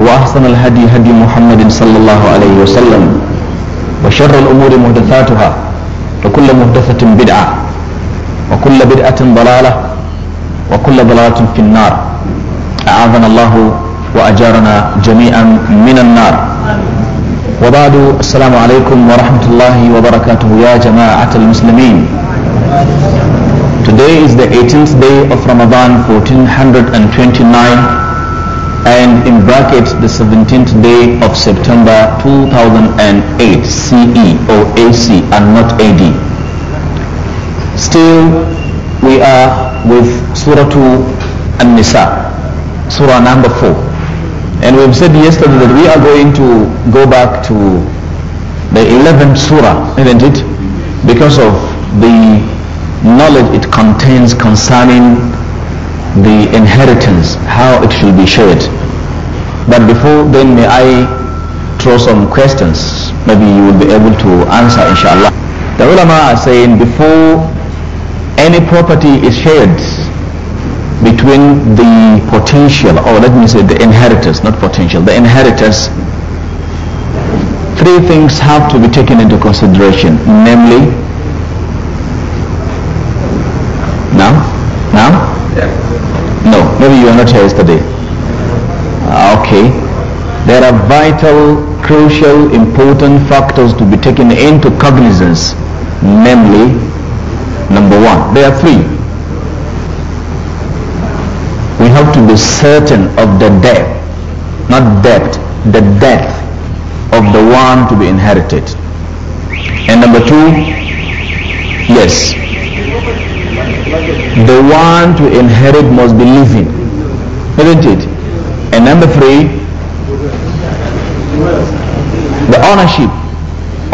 وأحسن الهدي هدي محمد صلى الله عليه وسلم وشر الأمور محدثاتها وكل محدثة بدعة وكل بدعة ضلالة وكل ضلالة في النار أعاذنا الله وأجارنا جميعا من النار وبعد السلام عليكم ورحمة الله وبركاته يا جماعة المسلمين Today is the 18th day of Ramadan 1429 and in brackets the 17th day of September 2008 CE or AC and not AD. Still we are with Surah 2 and nisa Surah number 4. And we've said yesterday that we are going to go back to the 11th Surah, isn't it? Because of the knowledge it contains concerning the inheritance, how it should be shared. But before then, may I throw some questions? Maybe you will be able to answer, inshallah. The ulama are saying before any property is shared between the potential, or let me say the inheritors, not potential, the inheritors, three things have to be taken into consideration, namely Maybe you are not here yesterday. Ah, okay. There are vital, crucial, important factors to be taken into cognizance. Namely, number one, there are three. We have to be certain of the death, not debt, the death of the one to be inherited. And number two, yes, the one to inherit must be living, isn't it? And number three, the ownership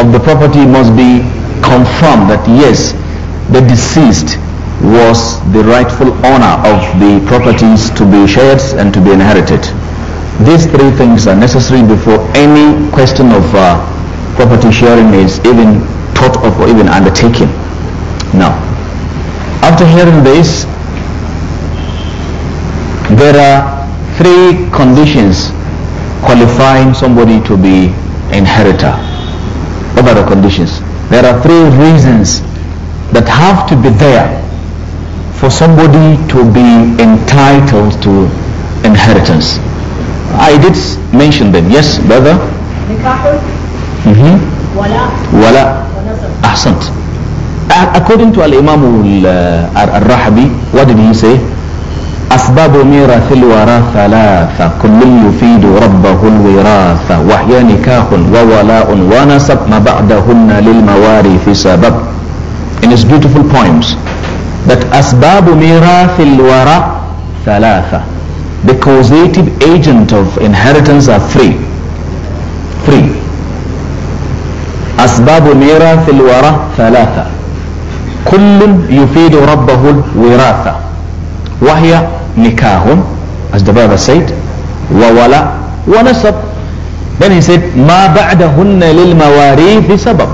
of the property must be confirmed that yes, the deceased was the rightful owner of the properties to be shared and to be inherited. These three things are necessary before any question of uh, property sharing is even thought of or even undertaken. Now, after hearing this, there are three conditions qualifying somebody to be inheritor. What are the conditions? There are three reasons that have to be there for somebody to be entitled to inheritance. I did mention them. Yes, brother? Mm-hmm. Wala. Wala. Ahsant. according to Al-Imam Al-Rahabi, what did he say? أسباب ميراث الوراثة ثلاثة كل يفيد ربه الوراثة وهي نكاح وولاء ونسب ما بعدهن للموارث سبب In his beautiful poems that أسباب ميراث الورى ثلاثة The causative agent of inheritance are three Three أسباب ميراث الورى ثلاثة كل يفيد ربه الوراثة وهي نكاح as the brother said وولا ونسب then he said ما بعدهن للمواريث سبب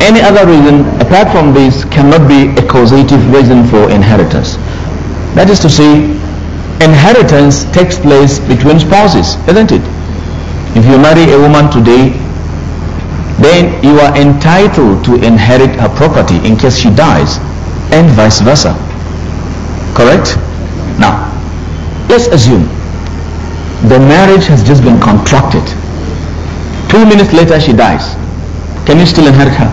any other reason apart from this cannot be a causative reason for inheritance that is to say inheritance takes place between spouses isn't it if you marry a woman today then you are entitled to inherit her property in case she dies and vice versa. Correct? Now, let's assume the marriage has just been contracted. Two minutes later she dies. Can you still inherit her?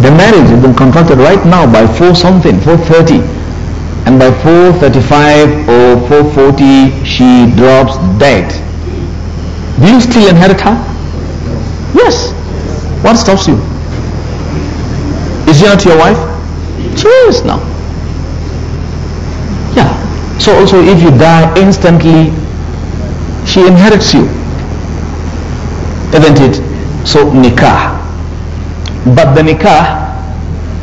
the marriage has been contracted right now by 4 something, 430. And by 435 or 440 she drops dead do you still inherit her? Yes. What stops you? Is she not your wife? She is now. Yeah. So also if you die instantly, she inherits you. Isn't it? So nikah. But the nikah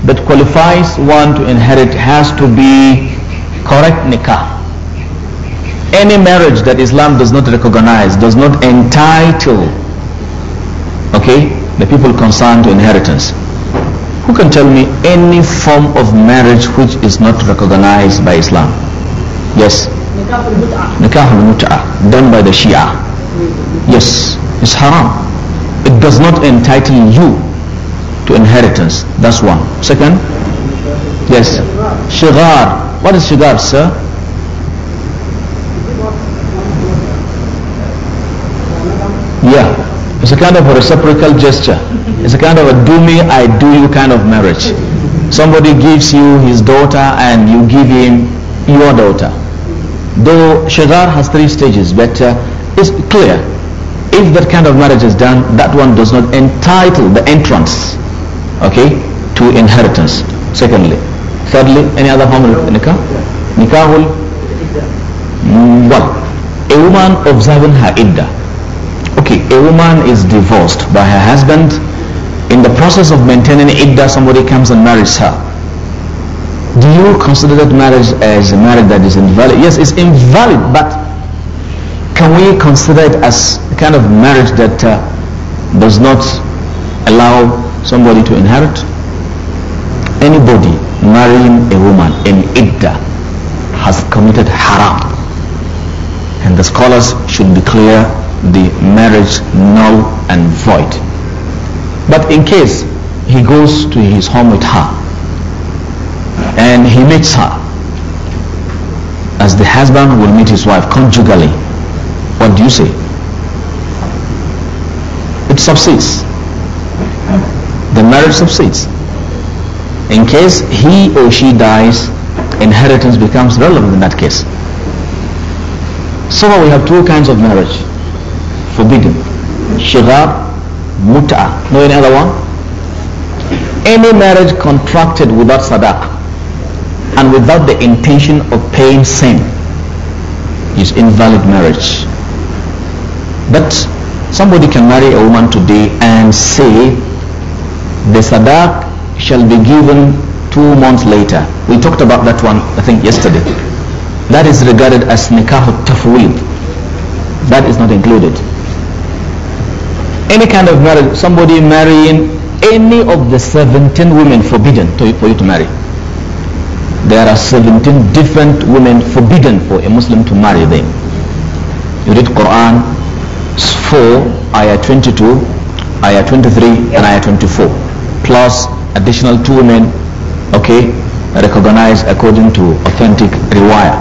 that qualifies one to inherit has to be correct nikah any marriage that Islam does not recognize does not entitle okay the people concerned to inheritance who can tell me any form of marriage which is not recognized by Islam yes nikah al-mut'ah done by the Shia yes it's haram it does not entitle you to inheritance that's one second yes shigar what is shigar sir Yeah. It's a kind of a reciprocal gesture. It's a kind of a do me, I do you kind of marriage. Somebody gives you his daughter and you give him your daughter. Though Shadar has three stages, but uh, it's clear. If that kind of marriage is done, that one does not entitle the entrance, okay, to inheritance. Secondly. Thirdly, any other form of nikah? Nikahul? Well, mm, a woman observing her iddah Okay, a woman is divorced by her husband. In the process of maintaining idda, somebody comes and marries her. Do you consider that marriage as a marriage that is invalid? Yes, it's invalid, but can we consider it as a kind of marriage that uh, does not allow somebody to inherit? Anybody marrying a woman in idda has committed haram. And the scholars should be clear the marriage null and void. But in case he goes to his home with her and he meets her, as the husband will meet his wife conjugally, what do you say? It subsists. The marriage subsists. In case he or she dies, inheritance becomes relevant in that case. So we have two kinds of marriage forbidden. Shigar, muta. Know any other one? Any marriage contracted without sadaq and without the intention of paying sin is invalid marriage. But somebody can marry a woman today and say the sadaq shall be given two months later. We talked about that one I think yesterday. That is regarded as nikah tafwid. That is not included any kind of marriage, somebody marrying any of the 17 women forbidden to, for you to marry. There are 17 different women forbidden for a Muslim to marry them. You read Quran 4, ayah 22, ayah 23 and ayah 24. Plus additional two women, okay, recognized according to authentic rewire.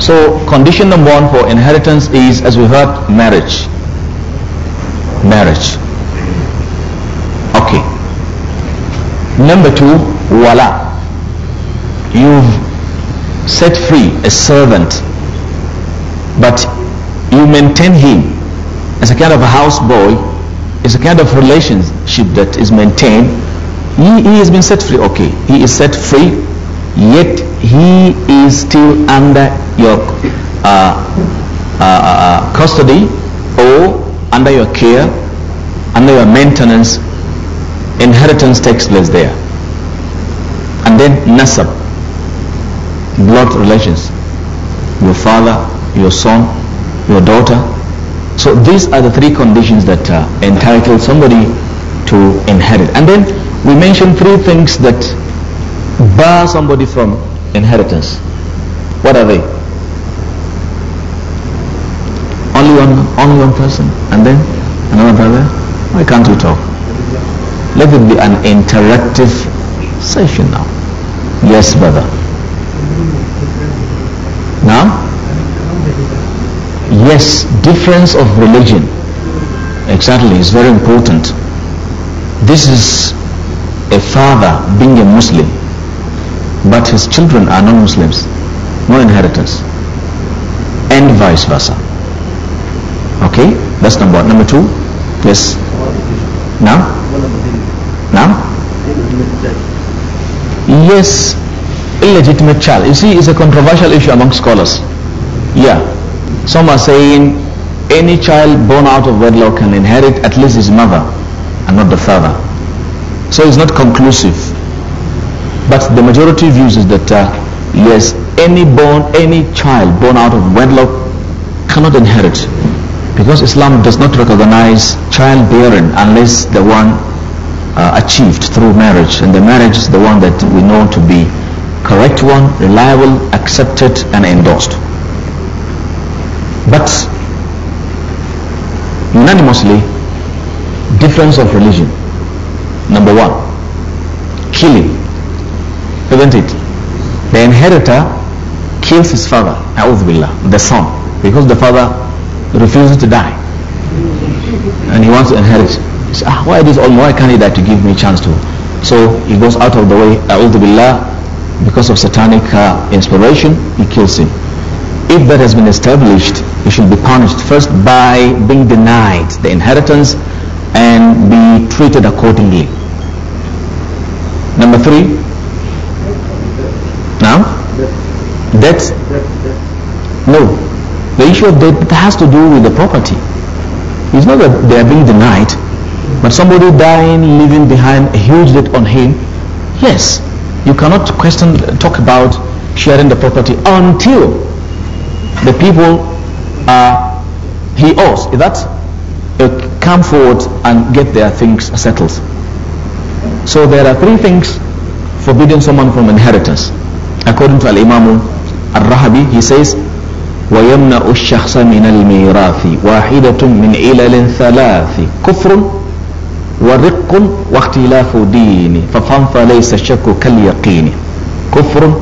So condition number one for inheritance is, as we heard, marriage marriage. Okay. Number two, voila. You've set free a servant, but you maintain him as a kind of a houseboy, as a kind of relationship that is maintained. He, he has been set free. Okay, he is set free, yet he is still under your uh, uh, uh, uh custody or under your care, under your maintenance, inheritance takes place there. And then nasab, blood relations, your father, your son, your daughter. So these are the three conditions that uh, entitle somebody to inherit. And then we mention three things that bar somebody from inheritance. What are they? only one person and then another brother? Why can't we talk? Let it be an interactive session now. Yes, brother. Now? Yes, difference of religion. Exactly, is very important. This is a father being a Muslim, but his children are non-Muslims. No inheritance. And vice versa. Okay, that's number one. Number two, yes. Now? Now? Yes, illegitimate child. You see, it's a controversial issue among scholars. Yeah. Some are saying any child born out of wedlock can inherit at least his mother and not the father. So it's not conclusive. But the majority views is that uh, yes, any born, any child born out of wedlock cannot inherit because Islam does not recognize childbearing unless the one uh, achieved through marriage. And the marriage is the one that we know to be correct one, reliable, accepted and endorsed. But unanimously, difference of religion. Number one, killing. Isn't it? The inheritor kills his father, A'udhu Billah, the son, because the father Refuses to die. And he wants to inherit. He says, ah, why this Almighty? Why can't he die to give me a chance to? So he goes out of the way, Billah, because of satanic uh, inspiration, he kills him. If that has been established, he should be punished first by being denied the inheritance and be treated accordingly. Number three, now, that No, issue of debt has to do with the property. It's not that they are being denied, but somebody dying, leaving behind a huge debt on him. Yes, you cannot question, talk about sharing the property until the people are he owes. Is that uh, come forward and get their things settled? So there are three things forbidding someone from inheritance. According to Al-Imam Al-Rahabi, he says, ويمنع الشخص من الميراث واحدة من علل ثلاث كفر ورق واختلاف دين ففهم فليس الشك كاليقين كفر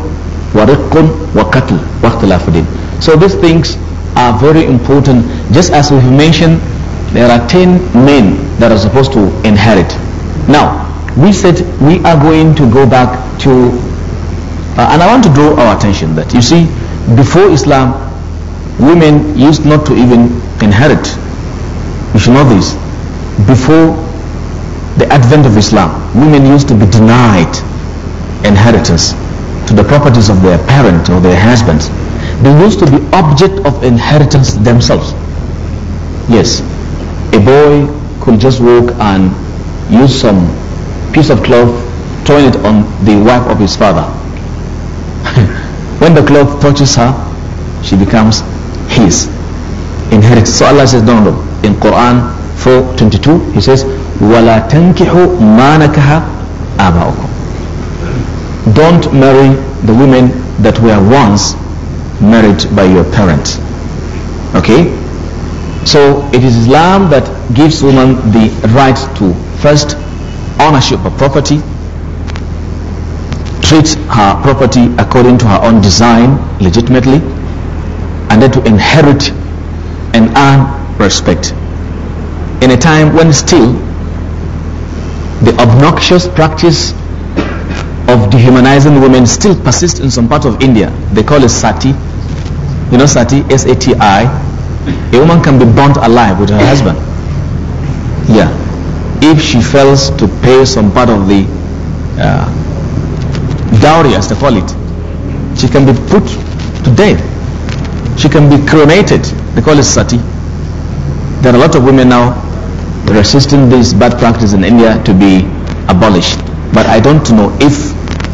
ورق وقتل واختلاف دين so these things are very important just as we mentioned there are 10 men that are supposed to inherit now we said we are going to go back to uh, and I want to draw our attention that you see before Islam women used not to even inherit. You should know this. Before the advent of Islam, women used to be denied inheritance to the properties of their parent or their husbands. They used to be object of inheritance themselves. Yes, a boy could just walk and use some piece of cloth, throwing it on the wife of his father. when the cloth touches her, she becomes his inheritance. So Allah says, "Don't In Quran 4:22, He says, Don't marry the women that were once married by your parents. Okay. So it is Islam that gives women the right to first ownership of property, treat her property according to her own design legitimately and then to inherit and earn respect. In a time when still the obnoxious practice of dehumanizing women still persists in some part of India. They call it sati. You know sati, S-A-T-I. A woman can be burnt alive with her husband. Yeah. If she fails to pay some part of the uh, dowry, as they call it, she can be put to death. She can be cremated. They call it sati. There are a lot of women now resisting this bad practice in India to be abolished. But I don't know if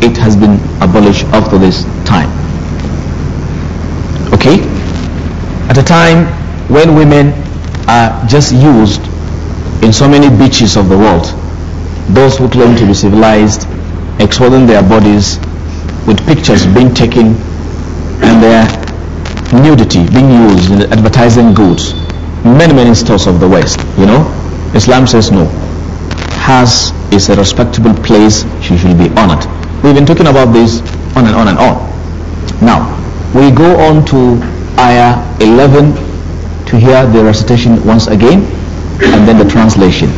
it has been abolished up to this time. Okay? At a time when women are just used in so many beaches of the world, those who claim to be civilized exposing their bodies with pictures being taken and their nudity being used in advertising goods, many, many stores of the West, you know, Islam says no. Has is a respectable place, she should be honored. We've been talking about this on and on and on. Now, we go on to ayah 11 to hear the recitation once again and then the translation.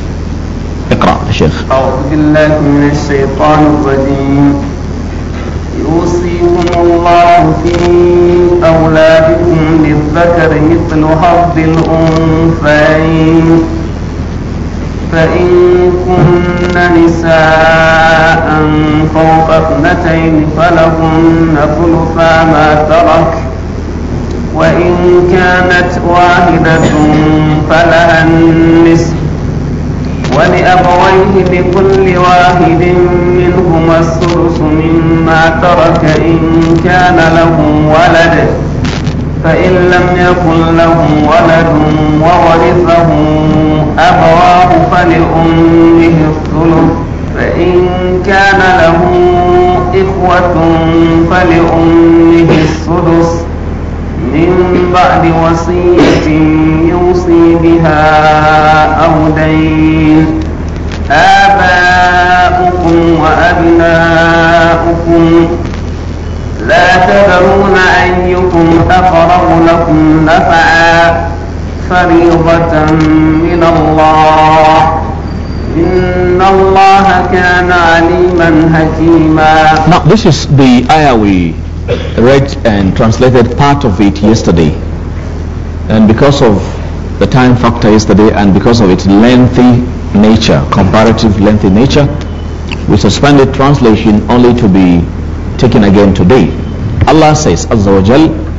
اقرأ يا شيخ. أعوذ بالله من الشيطان الرجيم. يوسف يوصيكم الله في أولادكم للذكر مثل حظ الأنثيين فإن كن نساء فوق اثنتين فلهن ثلثا ما ترك وإن كانت واحدة فلها النصف ولأبويه لكل واحد منهما السدس مما ترك إن كان له ولد فإن لم يكن له ولد وورثه أبواه فلأمه الثلث فإن كان له إخوة فلأمه السدس من بعد وصية يوصي بها أو دين آباؤكم وأبناؤكم لا تدرون أيكم أقرب لكم نفعا فريضة من الله إن الله كان عليما حكيما Now this is the ayah we read and translated part of it yesterday. And because of the time factor yesterday and because of its lengthy nature, comparative lengthy nature, we suspended translation only to be taken again today. Allah says, Azza wa Jal,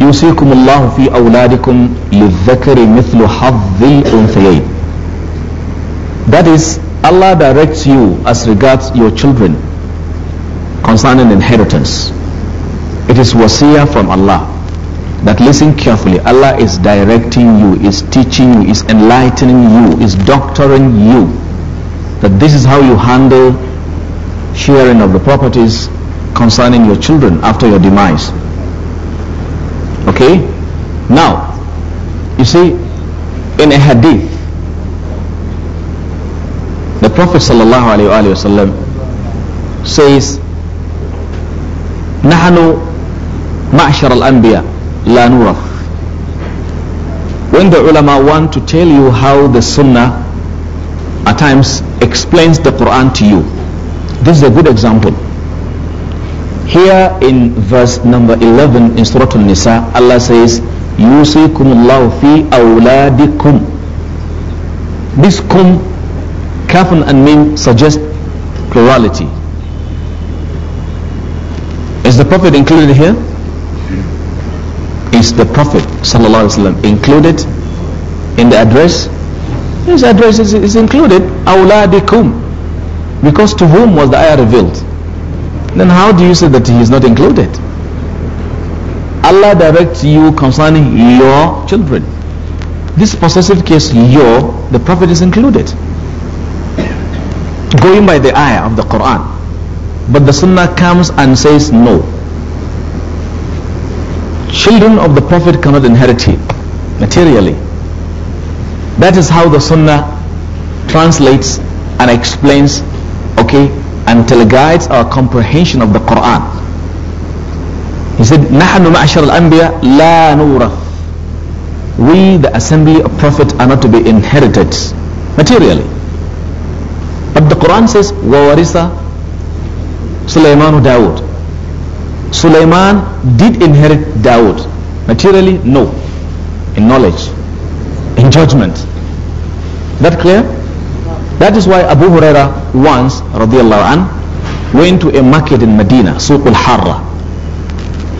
يوصيكم الله في أولادكم للذكر مثل حظ الأنثيين. That is, Allah directs you as regards your children concerning inheritance. It is wasiyah from Allah. That listen carefully. Allah is directing you, is teaching you, is enlightening you, is doctoring you. That this is how you handle sharing of the properties concerning your children after your demise. Okay? Now, you see, in a hadith, the Prophet sallallahu alaihi wasallam says, "Nahnu." Ma'shar al-Anbiya, la nurah. When the ulama want to tell you how the sunnah at times explains the Quran to you, this is a good example. Here in verse number 11 in Surah Al-Nisa, Allah says, يُوسِيكُمُ اللَّهُ فِي أَوْلَادِكُمْ This kum, kafan and min suggest plurality. Is the Prophet included here? Is the Prophet ﷺ included in the address? His address is, is included, Auladikum, Because to whom was the ayah revealed? Then how do you say that he is not included? Allah directs you concerning your children. This possessive case, your, the Prophet is included. Going by the ayah of the Quran. But the Sunnah comes and says no children of the Prophet cannot inherit him materially. That is how the Sunnah translates and explains, okay, and teleguides our comprehension of the Quran. He said, نَحْنُ مَعْشَرَ الأنبياء لَا نُورَ We, the assembly of Prophet, are not to be inherited materially. But the Quran says, وَوَرِثَ سُلَيْمَانُ دَاوُدَ Sulaiman did inherit Dawood. Materially, no. In knowledge, in judgment. That clear? That is why Abu Huraira once, radiallahu an, went to a market in Medina, Suq al-Harra.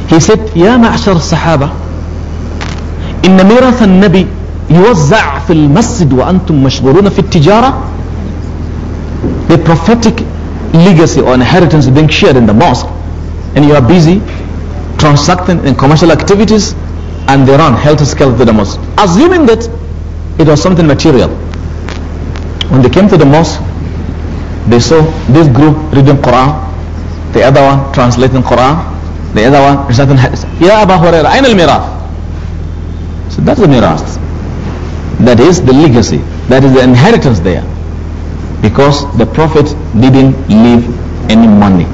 He said, يا معشر الصحابة إن ميراث النبي يوزع في المسجد وأنتم مشغولون في التجارة The prophetic legacy or inheritance being shared in the mosque and you are busy transacting in commercial activities and they run health scale the most, Assuming that it was something material. When they came to the mosque, they saw this group reading Quran, the other one translating Quran, the other one reciting Hadith. Ya Abu Hurairah, ayn al-miraf? So that's the miras. That is the legacy. That is the inheritance there. Because the Prophet didn't leave any money.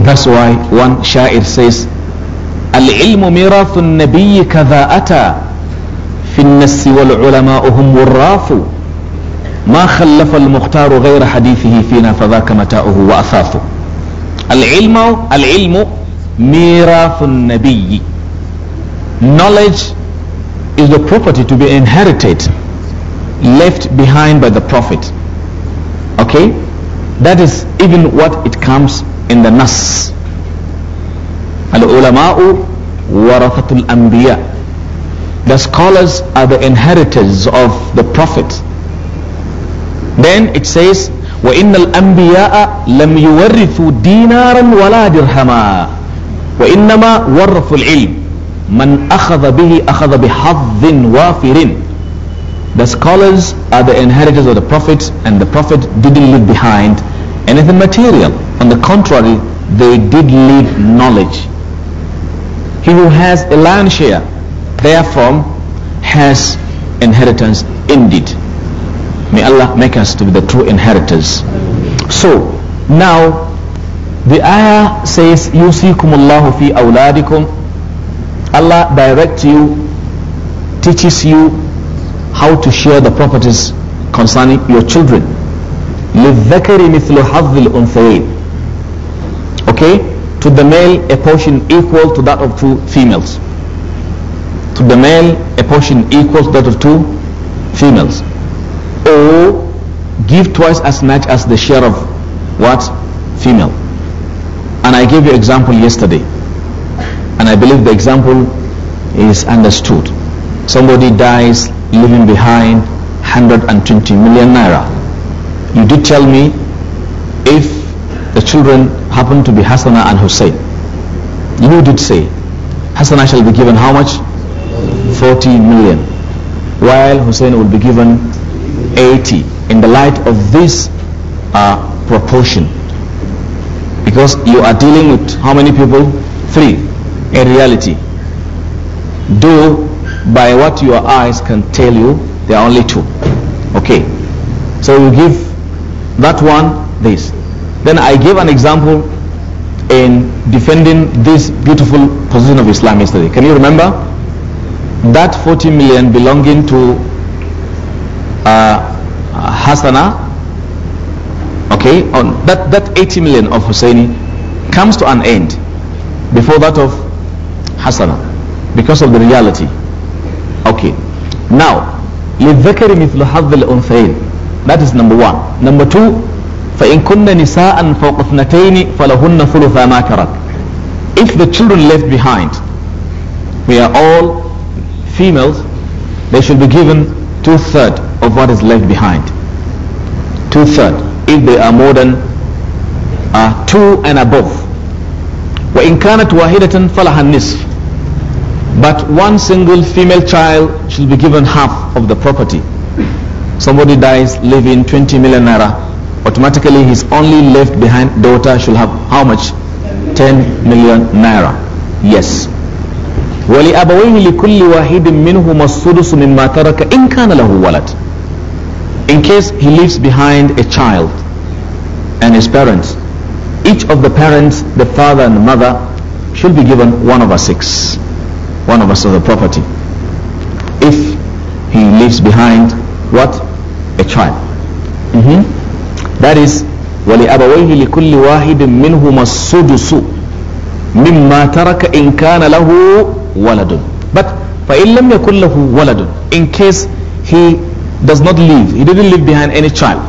That's why one shair says, العلم ميراث النبي كذا أتى في النس والعلماء هم وراث ما خلف المختار غير حديثه فينا فذاك متاؤه وأثاثه العلم العلم ميراث النبي knowledge is the property to be inherited left behind by the prophet okay that is even what it comes in the Nas. Al-ulama'u warathatul anbiya. The scholars are the inheritors of the prophets. Then it says, وإن الأنبياء لم يورثوا دينارا ولا درهما وإنما ورثوا العلم من أخذ به أخذ بحظ وافر The scholars are the inheritors of the prophets and the prophet didn't leave behind anything material. On the contrary, they did leave knowledge. He who has a land share, therefore, has inheritance indeed. May Allah make us to be the true inheritors. So, now, the ayah says, يُوسِيكُمُ اللَّهُ فِي أَوْلَادِكُمْ Allah directs you, teaches you how to share the properties concerning your children. للذكر مثل حظ الأنثيين okay to the male a portion equal to that of two females to the male a portion equal to that of two females or give twice as much as the share of what female and I gave you example yesterday and I believe the example is understood somebody dies leaving behind 120 million naira you did tell me if the children happen to be Hassanah and Hussein. You did say Hassanah shall be given how much? 40 million. While Hussein will be given 80 in the light of this uh, proportion. Because you are dealing with how many people? Three in reality. Though by what your eyes can tell you, there are only two. Okay. So you give that one this. Then I gave an example in defending this beautiful position of Islam yesterday. Can you remember? That 40 million belonging to uh, Hassana, okay, on that, that 80 million of Husseini comes to an end before that of Hassana because of the reality. Okay. Now, لِلذَّكَرِ مِثْلُ حَظِّ الْأُنْثَيْنِ that is number one. Number two, فَإِن كُنَّ نِسَاءً فَوْقَ اثْنَتَيْنِ فَلَهُنَّ ثُلُثَا مَا تَرَكْ If the children left behind, we are all females, they should be given two-thirds of what is left behind. Two-thirds if they are more than uh, two and above. وَإِن كَانَتْ وَاحِدَةً فَلَهَا النِّصْفِ But one single female child should be given half of the property somebody dies leaving 20 million naira automatically his only left behind daughter should have how much 10 million naira yes ولأبويه لكل واحد منهما السدس مما ترك إن كان lahu walad. in case he leaves behind a child and his parents each of the parents the father and the mother should be given one over six one of us of the property if he leaves behind what? A child. Mm -hmm. That is ولأبويه لكل واحد منهما السدس مما ترك إن كان له ولد but فإن لم يكن له ولد in case he does not leave he didn't leave behind any child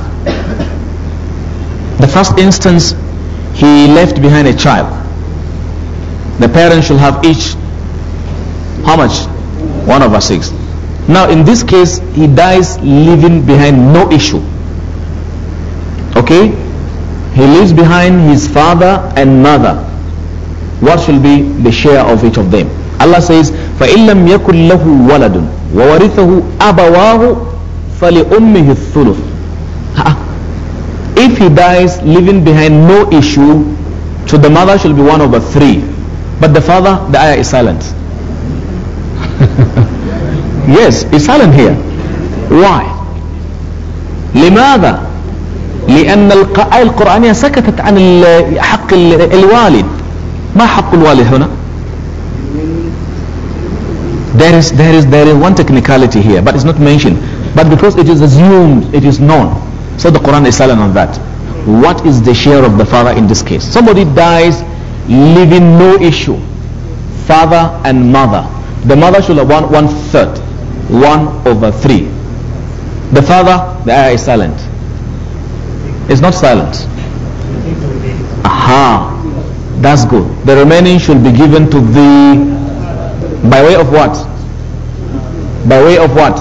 the first instance he left behind a child the parents should have each how much one over six now in this case, he dies leaving behind no issue. Okay? He leaves behind his father and mother. What shall be the share of each of them? Allah says, فَإِن لَمْ لَهُ وَلَدٌ وَوَرِثَهُ أَبَوَاهُ فَلِأُمِّهِ الثُّلُثُ If he dies leaving behind no issue, so the mother shall be one over three. But the father, the ayah is silent. Yes, it's silent here. Why? لماذا؟ لأن الآية القرآنية سكتت عن حق الوالد ما حق الوالد هنا؟ There is, there is, there is one technicality here but it's not mentioned but because it is assumed, it is known so the Quran is silent on that what is the share of the father in this case? Somebody dies leaving no issue father and mother the mother should have one, one third 1 over 3. The father, the ayah is silent. It's not silent. Aha. That's good. The remaining should be given to the by way of what? By way of what?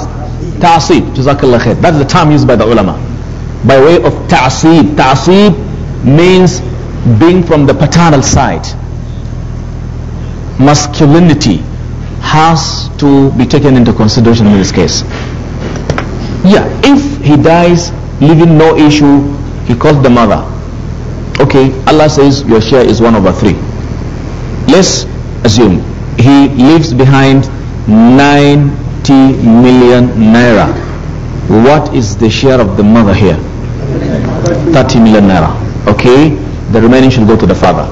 Ta'asib. Jazakallah khair. That's the term used by the ulama. By way of ta'asib. Ta'asib means being from the paternal side. Masculinity has to be taken into consideration in this case. Yeah, if he dies leaving no issue, he calls the mother. Okay, Allah says your share is one over three. Let's assume he leaves behind 90 million naira. What is the share of the mother here? 30 million naira. Okay, the remaining should go to the father.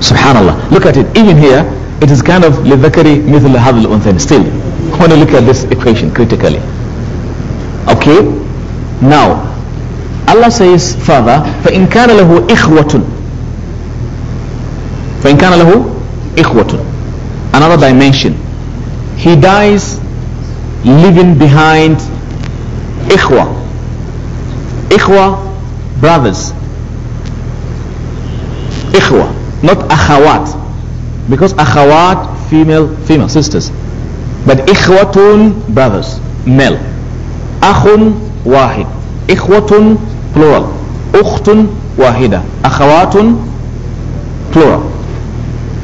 Subhanallah. Look at it. Even here, it is kind of لِذَكَرِ مِثْلَ هَذَا الْأُنْثَيْنِ Still, when you look at this equation critically. Okay? Now, Allah says further, فَإِنْ كَانَ لَهُ إِخْوَةٌ فَإِنْ كَانَ لَهُ إِخْوَةٌ Another dimension. He dies leaving behind إخوة. إخوة, brothers. إخوة, not أخوات. Because akhawat, female, female, sisters. But ikhwatun, brothers, male. Akhun, wahid. Ikhwatun, plural. Ukhtun, wahida. Akhawatun, plural.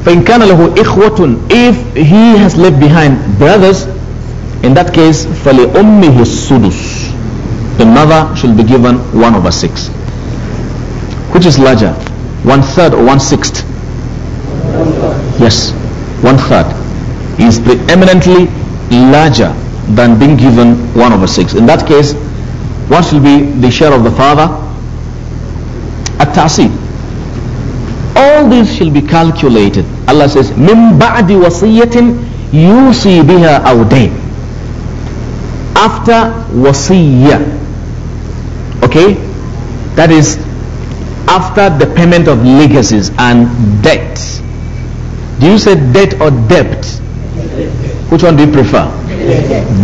فإن كان له إخوة if he has left behind brothers in that case فلأمه السدس the mother should be given 1 over 6 which is larger one third or one sixth Yes, one third is preeminently larger than being given one over six. In that case, what will be the share of the father? at All this shall be calculated. Allah says, "Min ba'di وَصِيَّةٍ yusi biha أَوْ After wasiyya. Okay? That is after the payment of legacies and debts do you say debt or debt? Which one do you prefer?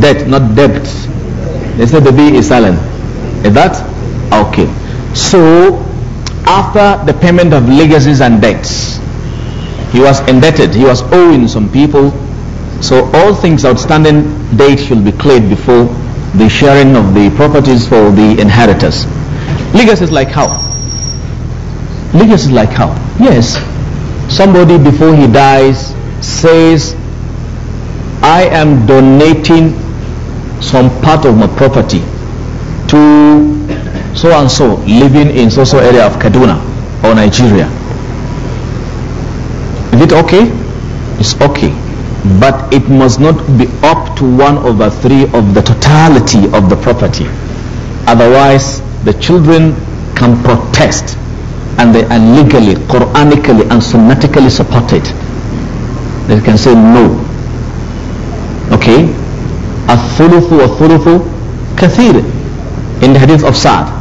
Debt, not debt. They said the B is silent. Is that? Okay. So, after the payment of legacies and debts, he was indebted. He was owing some people. So, all things outstanding date should be cleared before the sharing of the properties for the inheritors. Legacies like how? Legacies like how? Yes somebody before he dies says, I am donating some part of my property to so and so living in so so area of Kaduna or Nigeria. Is it okay? It's okay. But it must not be up to one over three of the totality of the property. Otherwise, the children can protest and they are legally, Quranically and Sunnatically supported, they can say no. Okay? الثلث والثلث كثير in the hadith of Sa'd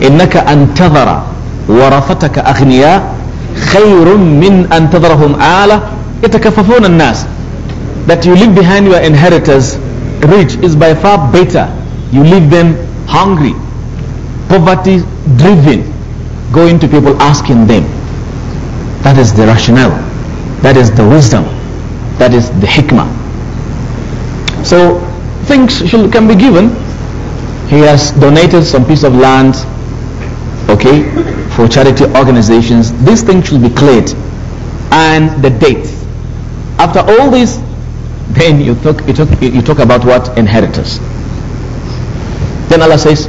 إنك أن ورثتك أغنياء خير من أن آلة يتكففون الناس that you leave behind your inheritors rich is by far better you leave them hungry poverty driven going to people asking them. That is the rationale. That is the wisdom. That is the hikmah. So things should, can be given. He has donated some piece of land, okay, for charity organizations. These things should be cleared. And the date. After all this, then you talk, you talk, you talk about what? Inheritors. Then Allah says,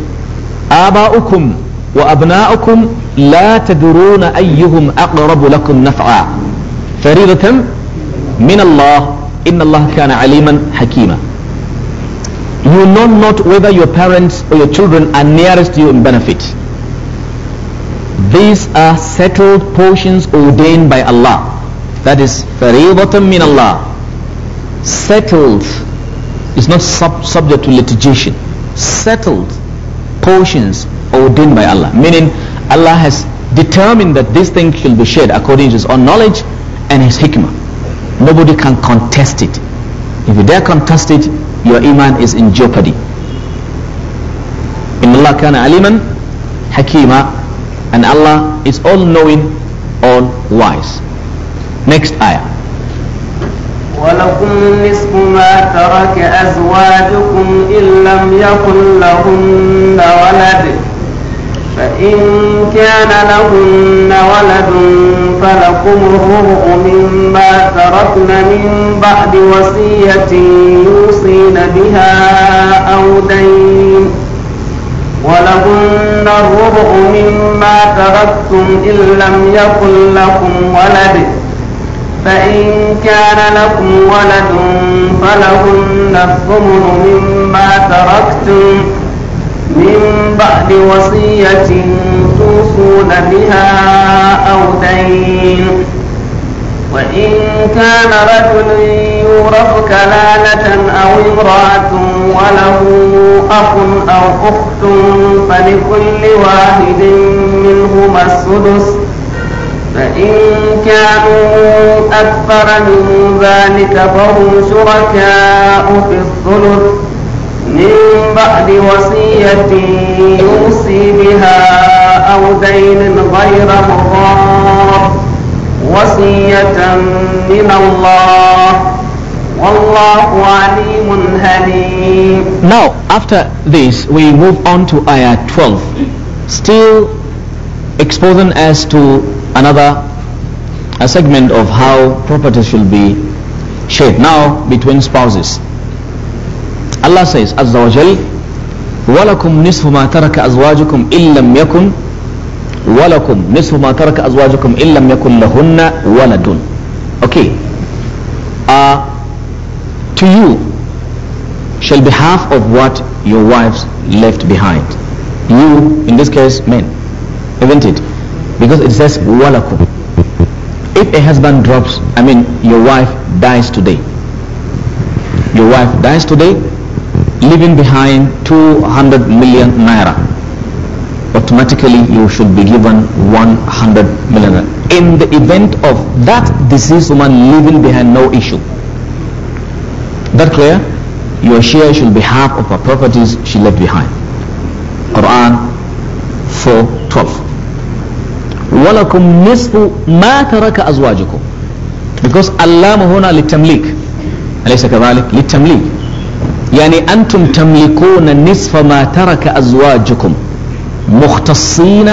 ukum." وأبناؤكم لا تدرون أيهم أقرب لكم نفعا فريضة من الله إن الله كان عليما حكيما You know not whether your parents or your children are nearest to you in benefit. These are settled portions ordained by Allah. That is فَرِيضَةً مِنَ اللَّهِ Settled is not sub subject to litigation. Settled portions ordained by Allah. Meaning Allah has determined that this thing should be shared according to his own knowledge and his hikmah. Nobody can contest it. If you dare contest it, your iman is in jeopardy. In Allah kana aliman hakima and Allah is all knowing, all wise. Next ayah. ولكم نصف ما ترك أزواجكم إن لم يكن لهن ولد فإن كان لهن ولد فلكم الربع مما تركن من بعد وصية يوصين بها أو دين ولهن الربع مما تركتم إن لم يكن لكم ولد فإن كان لكم ولد فلهن الثمن مما تركتم من بعد وصية توصون بها أو دين وإن كان رجل يورث كلالة أو امرأة وله أخ أو أخت فلكل واحد منهما السدس فإن كانوا أكثر من ذلك فهم شركاء في الثلث من بعد وصية يوصي بها أو دين غير مضار وصية من الله والله عليم حليم Now after this we move on to ayah 12 still exposing us to another a segment of how property should be shared now between spouses Allah says, Azza wa Jal, وَلَكُمْ نِصْفُ مَا تَرَكَ أَزْوَاجُكُمْ إِن لَّمْ يَكُنْ ولكم نصف ما ترك ازواجكم ان لم ولكم إن لم يكن لهن okay uh, to you shall be half of what your wives left behind you in this case men isn't it because it says walakum if a husband drops I mean your wife dies today your wife dies today leaving behind 200 million naira, automatically you should be given 100 million. In the event of that deceased woman leaving behind no issue, that clear? Your share should be half of her properties she left behind. Quran 4:12. ولكم نصف ما ترك أزواجكم because اللام هنا للتمليك أليس كذلك للتمليك يعني أنتم تملكون نصف ما ترك أزواجكم مختصين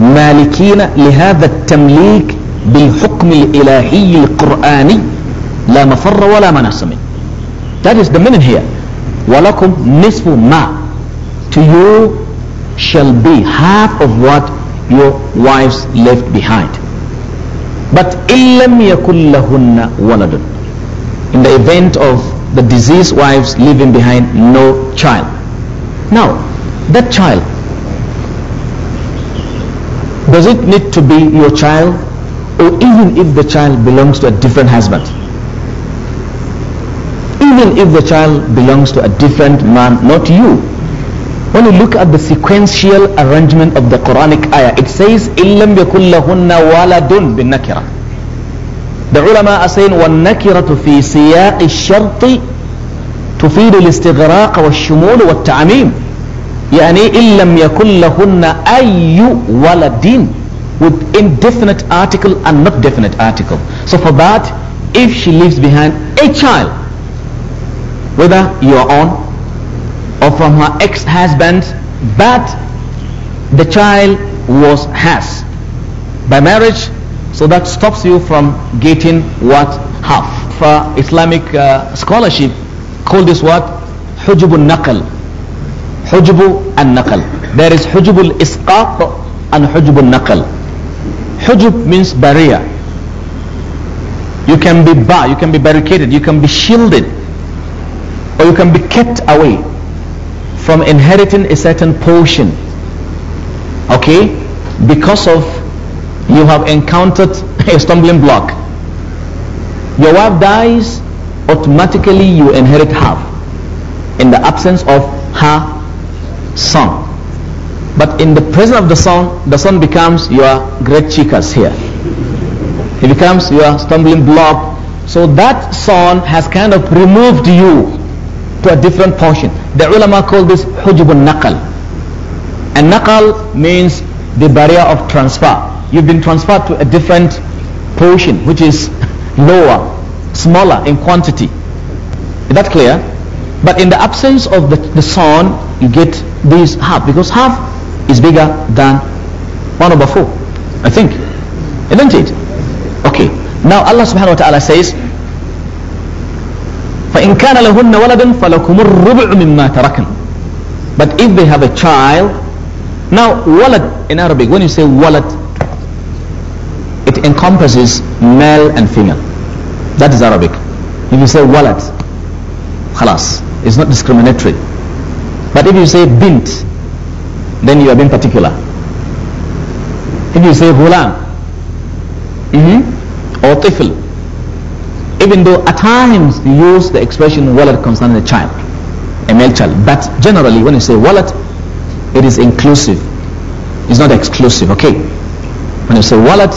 مالكين لهذا التمليك بالحكم الإلهي القرآني لا مفر ولا مناص منه That is the meaning here. ولكم نصف ما to you shall be half of what your wives left behind. But إن لم يكن لهن ولد in the event of the deceased wives leaving behind no child. Now, that child, does it need to be your child or even if the child belongs to a different husband? Even if the child belongs to a different man, not you, when you look at the sequential arrangement of the Quranic ayah, it says, إِلَّمْ يَكُلْ لَهُنَّ بِالنَّكِرَةِ da ulama a sayin wannakiratu fi siyaqi تفيد الاستغراق والشمول والتعميم يعني إن لم يكن لهن أي ولد with indefinite article and not definite article so for that if she leaves behind a child whether your own or from her ex-husband but the child was has by marriage So that stops you from getting what? Half. For Islamic uh, scholarship, call this what? حجب النقل حجب النقل There is hujubul isqaq and حجب النقل Hujub means barrier. You can be bar, you can be barricaded, you can be shielded, or you can be kept away from inheriting a certain portion. Okay? Because of you have encountered a stumbling block. Your wife dies, automatically you inherit half in the absence of her son. But in the presence of the son, the son becomes your great chicas here. He becomes your stumbling block. So that son has kind of removed you to a different portion. The ulama call this hujubun naqal. And naqal means the barrier of transfer you've been transferred to a different portion which is lower, smaller in quantity. Is that clear? But in the absence of the, the sun, you get this half because half is bigger than 1 over 4, I think. Isn't it? Okay. Now Allah subhanahu wa ta'ala says, فَإِن كَانَ لَهُنَّ وَلَدٌ فَلَكُمُ الرُّبُعُ مِمَّا تَرَكْنَ But if they have a child, now walad in Arabic, when you say walad, it encompasses male and female. That is Arabic. If you say wallet, khalas, it's not discriminatory. But if you say bint, then you are being particular. If you say hulam, mm -hmm, or tifl, even though at times you use the expression wallet concerning a child, a male child, but generally when you say wallet, it is inclusive. It's not exclusive, okay? When you say wallet,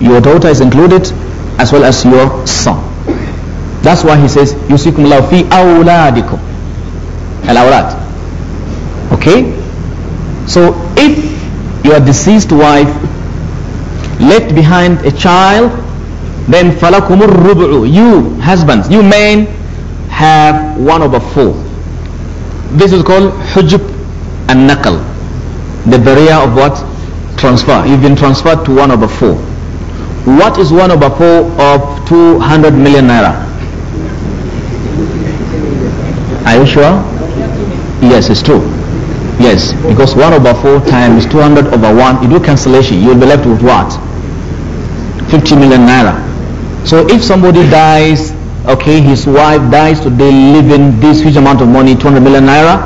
your daughter is included as well as your son. That's why he says, Yusikum law fi awladikum. Al awlad. Okay? So if your deceased wife left behind a child, then falakumur rubu. You husbands, you men have one over four. This is called hujub and nakal. The barrier of what? Transfer. You've been transferred to one over four. What is 1 over 4 of 200 million naira? Are you sure? Yes, it's true. Yes, because 1 over 4 times 200 over 1, you do cancellation, you'll be left with what? 50 million naira. So if somebody dies, okay, his wife dies today leaving this huge amount of money, 200 million naira,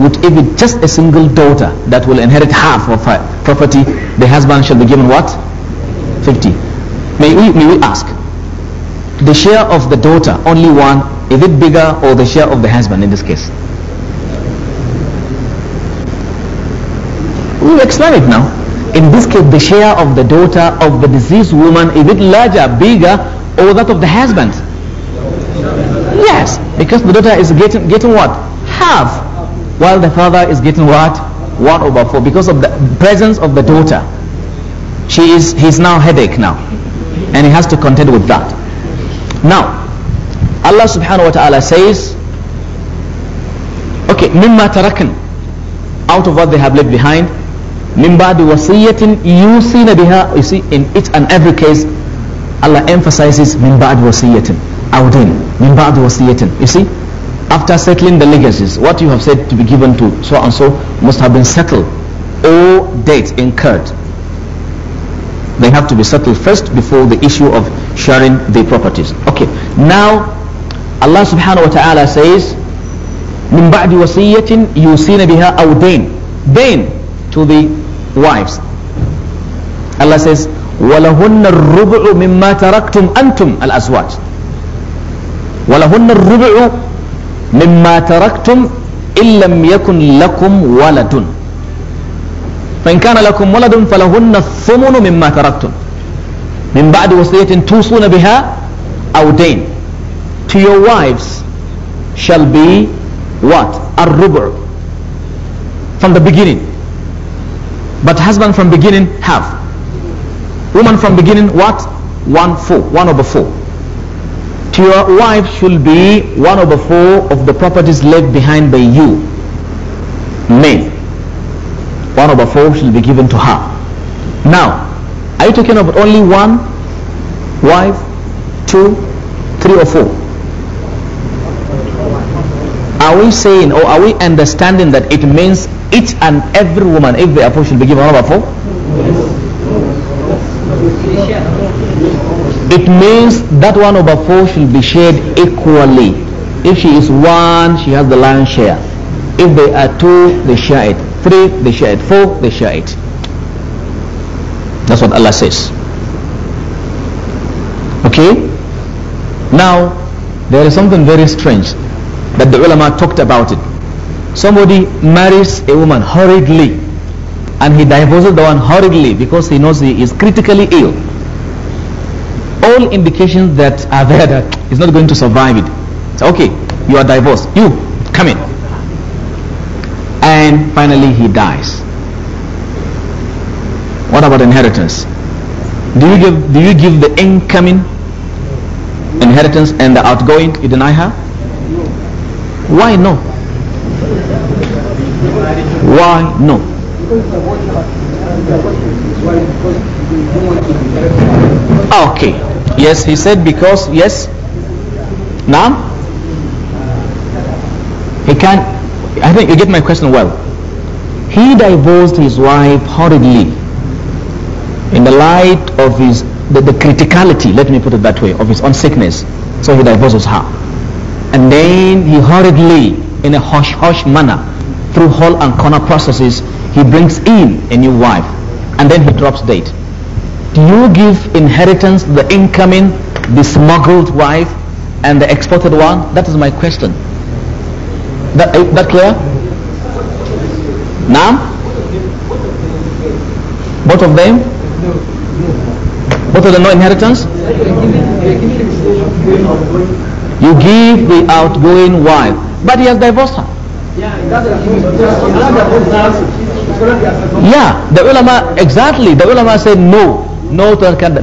would if just a single daughter that will inherit half of her property, the husband shall be given what? 50. May we, may we ask, the share of the daughter, only one, is it bigger or the share of the husband in this case? We'll explain it now. In this case, the share of the daughter of the deceased woman, is it larger, bigger, or that of the husband? Yes, because the daughter is getting, getting what? Half, while the father is getting what? One over four, because of the presence of the daughter she is he's now headache now and he has to contend with that now Allah subhanahu wa ta'ala says okay mimma tarakan out of what they have left behind min ba'di wasiyatin yusina biha you see in each and every case Allah emphasizes min ba'di wasiyatin awdin min ba'di wasiyatin you see after settling the legacies what you have said to be given to so and so must have been settled all debts incurred they have to be settled first before the issue of sharing the properties. Okay, now Allah subhanahu wa ta'ala says, من بعد وصية يوصين بها أو دين دين to the wives Allah says ولهن الربع مما تركتم أنتم الأزواج ولهن الربع مما تركتم إن لم يكن لكم ولد فإن كان لكم ولد فلهن الثمن مما تركتم من بعد وصية توصون بها أو دين to your wives shall be what? الربع from the beginning but husband from beginning half woman from beginning what? one four one over four to your wife should be one over four of the properties left behind by you men one over four shall be given to her. Now, are you talking about only one wife, two, three or four? Are we saying or are we understanding that it means each and every woman, if they are four, shall be given one over four? It means that one over four shall be shared equally. If she is one, she has the lion's share. If they are two, they share it. Three, they share it. Four, they share it. That's what Allah says. Okay? Now, there is something very strange that the ulama talked about it. Somebody marries a woman hurriedly and he divorces the one hurriedly because he knows he is critically ill. All indications that are there that he's not going to survive it. So, okay, you are divorced. You, come in and finally he dies. What about inheritance? Do you give do you give the incoming inheritance and the outgoing you deny her? Why no? Why no? Okay. Yes, he said because yes. Now he can't I think you get my question well. He divorced his wife hurriedly in the light of his the, the criticality, let me put it that way, of his own sickness. So he divorces her. And then he hurriedly, in a hush-hush manner, through hall and corner processes, he brings in a new wife. And then he drops dead. Do you give inheritance the incoming, the smuggled wife, and the exported one? That is my question. That, is that clear? Now? Both of them? Both of them no inheritance? You give the outgoing wife. But he has divorced her. Yeah, the ulama, exactly. The ulama said no. No,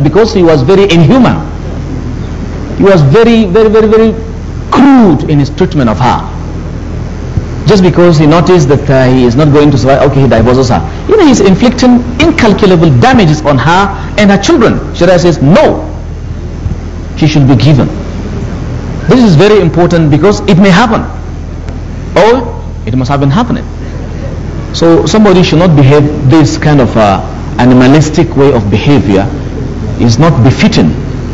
because he was very inhuman. He was very, very, very, very crude in his treatment of her just because he noticed that uh, he is not going to survive, okay, he divorces her. You know, he's inflicting incalculable damages on her and her children. Sharia says, no, she should be given. This is very important because it may happen. Or it must have been happening. So somebody should not behave this kind of uh, animalistic way of behavior is not befitting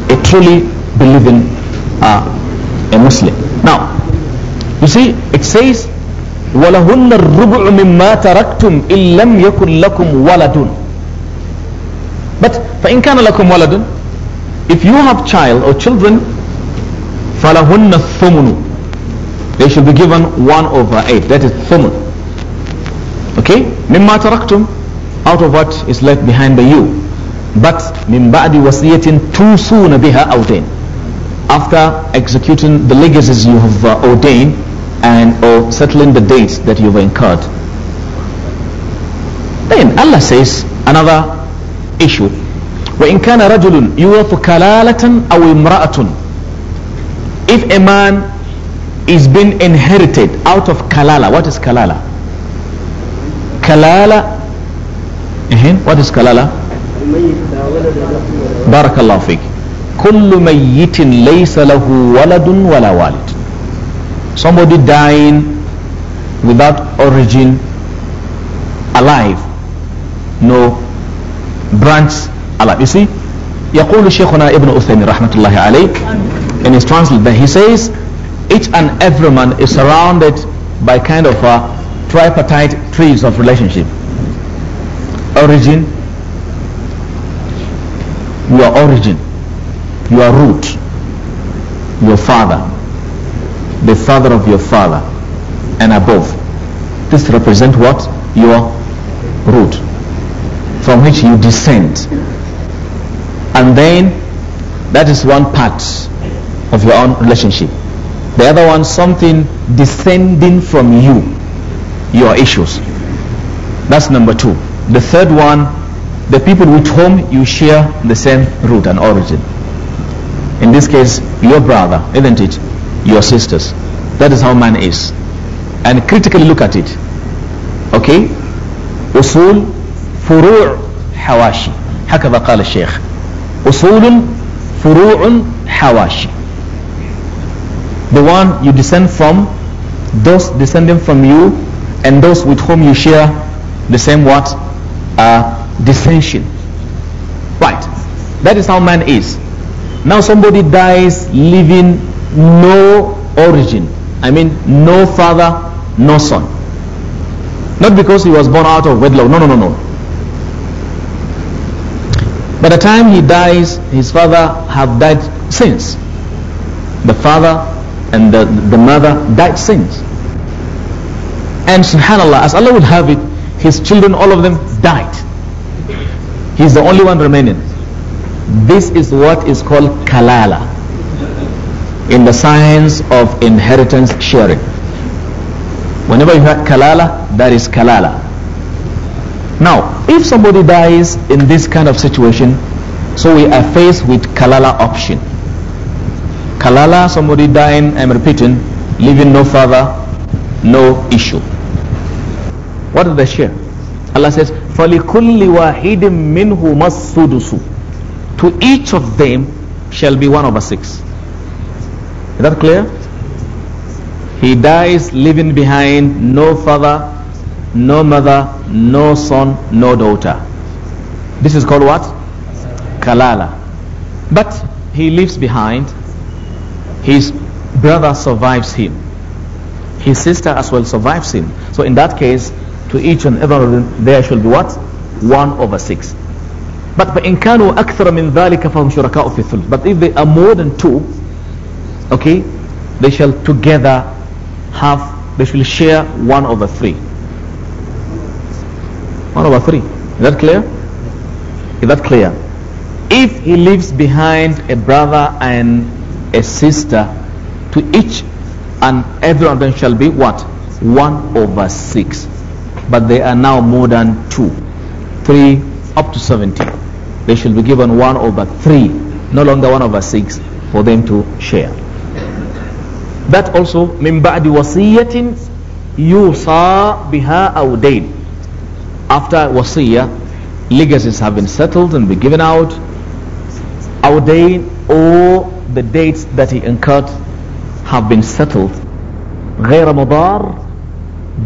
a truly believing uh, a Muslim. Now, you see, it says ولهن الربع مما تركتم إن لم يكن لكم ولد but فإن كان لكم ولد if you have child or children فلهن الثمن they should be given one over eight that is ثمن okay مما تركتم out of what is left behind by you but من بعد وصية توصون بها أو دين after executing the legacies you have uh, ordained and or settling the debts that you've incurred. Then Allah says another issue. وإن كان رجل يوف كلالة أو امرأة if a man is being inherited out of kalala what is kalala kalala what is kalala بارك الله فيك كل ميت ليس له ولد ولا والد somebody dying without origin alive no branch alive you see يقول شيخنا ابن أثيمين رحمة الله عليه in his translation he says each and every man is surrounded by kind of a tripartite trees of relationship origin your origin your root your father the father of your father and above. This represent what? Your root from which you descend. And then that is one part of your own relationship. The other one, something descending from you, your issues. That's number two. The third one, the people with whom you share the same root and origin. In this case, your brother, isn't it? your sisters. That is how man is. And critically look at it. Okay? أصول فروع حواشي هكذا قال الشيخ أصول فروع حواشي The one you descend from, those descending from you, and those with whom you share the same what? Uh, dissension. Right. That is how man is. Now somebody dies living no origin. I mean, no father, no son. Not because he was born out of wedlock. No, no, no, no. By the time he dies, his father have died since. The father and the, the mother died since. And subhanAllah, as Allah would have it, his children, all of them died. He's the only one remaining. This is what is called kalala in the science of inheritance sharing. Whenever you hear kalala, that is kalala. Now, if somebody dies in this kind of situation, so we are faced with kalala option. Kalala, somebody dying, I'm repeating, leaving no father, no issue. What is the share? Allah says, فَلِكُلِّ وَاحِدٍ مِّنْهُمَ السُّدُسُ To each of them shall be one over six. Is that clear? He dies leaving behind no father, no mother, no son, no daughter. This is called what? Kalala. But he leaves behind. His brother survives him. His sister as well survives him. So in that case, to each and every one of them, there shall be what? One over six. But But if they are more than two, okay, they shall together have, they shall share one over three. One over three. Is that clear? Is that clear? If he leaves behind a brother and a sister, to each and every one of them shall be what? One over six. But they are now more than two, three up to seventy. They shall be given one over three, no longer one over six, for them to share. That also min ba'di wasiyatin yusa biha awdain. After wasiyah, legacies have been settled and be given out. Awdain or the dates that he incurred have been settled. غير مضار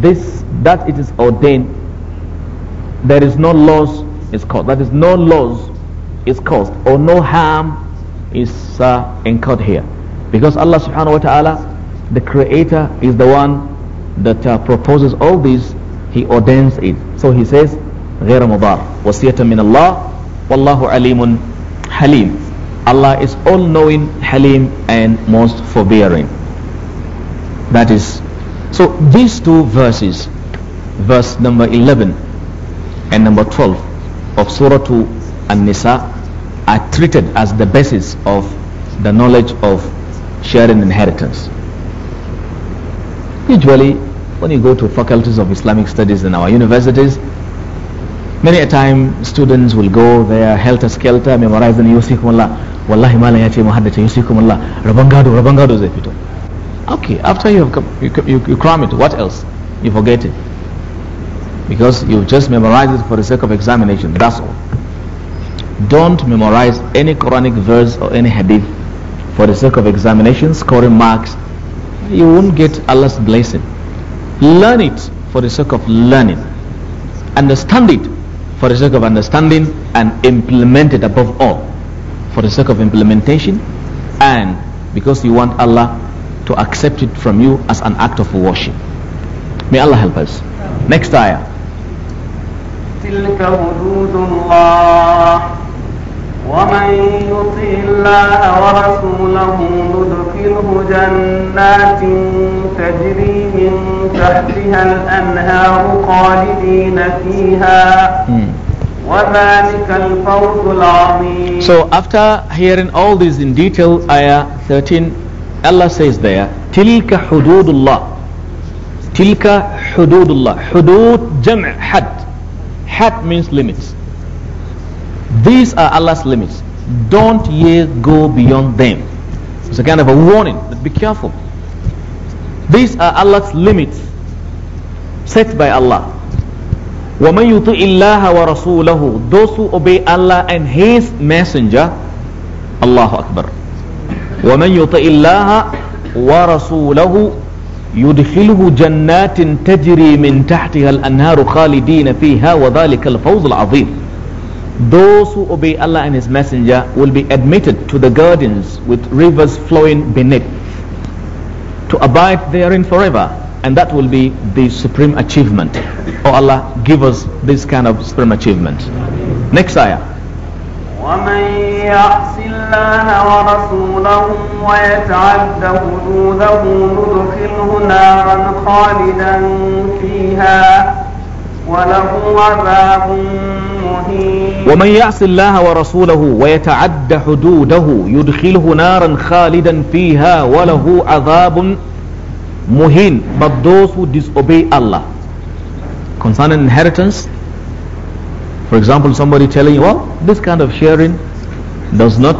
this that it is ordained there is no loss is caused that is no loss is caused or no harm is uh, incurred here because Allah subhanahu wa ta'ala, the creator is the one that uh, proposes all this, he ordains it. So he says, غير مضار وصية من الله والله عليم حليم Allah is all-knowing, Halim, and most forbearing. That is, so these two verses, verse number 11 and number 12 of Surah 2 An-Nisa are treated as the basis of the knowledge of sharing inheritance. Usually, when you go to faculties of Islamic studies in our universities, many a time students will go there helter-skelter, memorizing Yusikumullah. Wallahi malam ya ce muhaddata Yusikumullah. Rabon gado, rabon gado Okay, after you have come, you, you, you cram it, what else? You forget it. Because you just memorize it for the sake of examination, that's all. Don't memorize any Quranic verse or any hadith for the sake of examination, scoring marks, you won't get Allah's blessing. Learn it for the sake of learning. Understand it for the sake of understanding and implement it above all for the sake of implementation and because you want Allah to accept it from you as an act of worship. May Allah help us. Next ayah. ومن يطع الله ورسوله ندخله جنات تجري من تحتها الأنهار خالدين فيها hmm. So after hearing all this in detail, ayah 13, Allah says there, تلك حدود الله تلك حدود الله حدود جمع حد حد means limits These are Allah's limits. Don't ye go beyond them. It's a kind of a warning, but be careful. These are Allah's limits set by Allah. وَمَنْ يُطِعِ اللَّهَ وَرَسُولَهُ Those who obey Allah and His Messenger, Allahu Akbar. وَمَنْ يُطِعِ اللَّهَ وَرَسُولَهُ يدخله جنات تجري من تحتها الأنهار خالدين فيها وذلك الفوز العظيم those who obey Allah and His Messenger will be admitted to the gardens with rivers flowing beneath to abide therein forever and that will be the supreme achievement oh Allah give us this kind of supreme achievement next ayah ومن يعص الله ورسوله ويتعد حدوده ندخله نارا خالدا فيها وله عذاب مهين ومن يعص الله ورسوله ويتعد حدوده يدخله نارا خالدا فيها وله عذاب مهين but those who disobey Allah concerning inheritance for example somebody telling you well this kind of sharing does not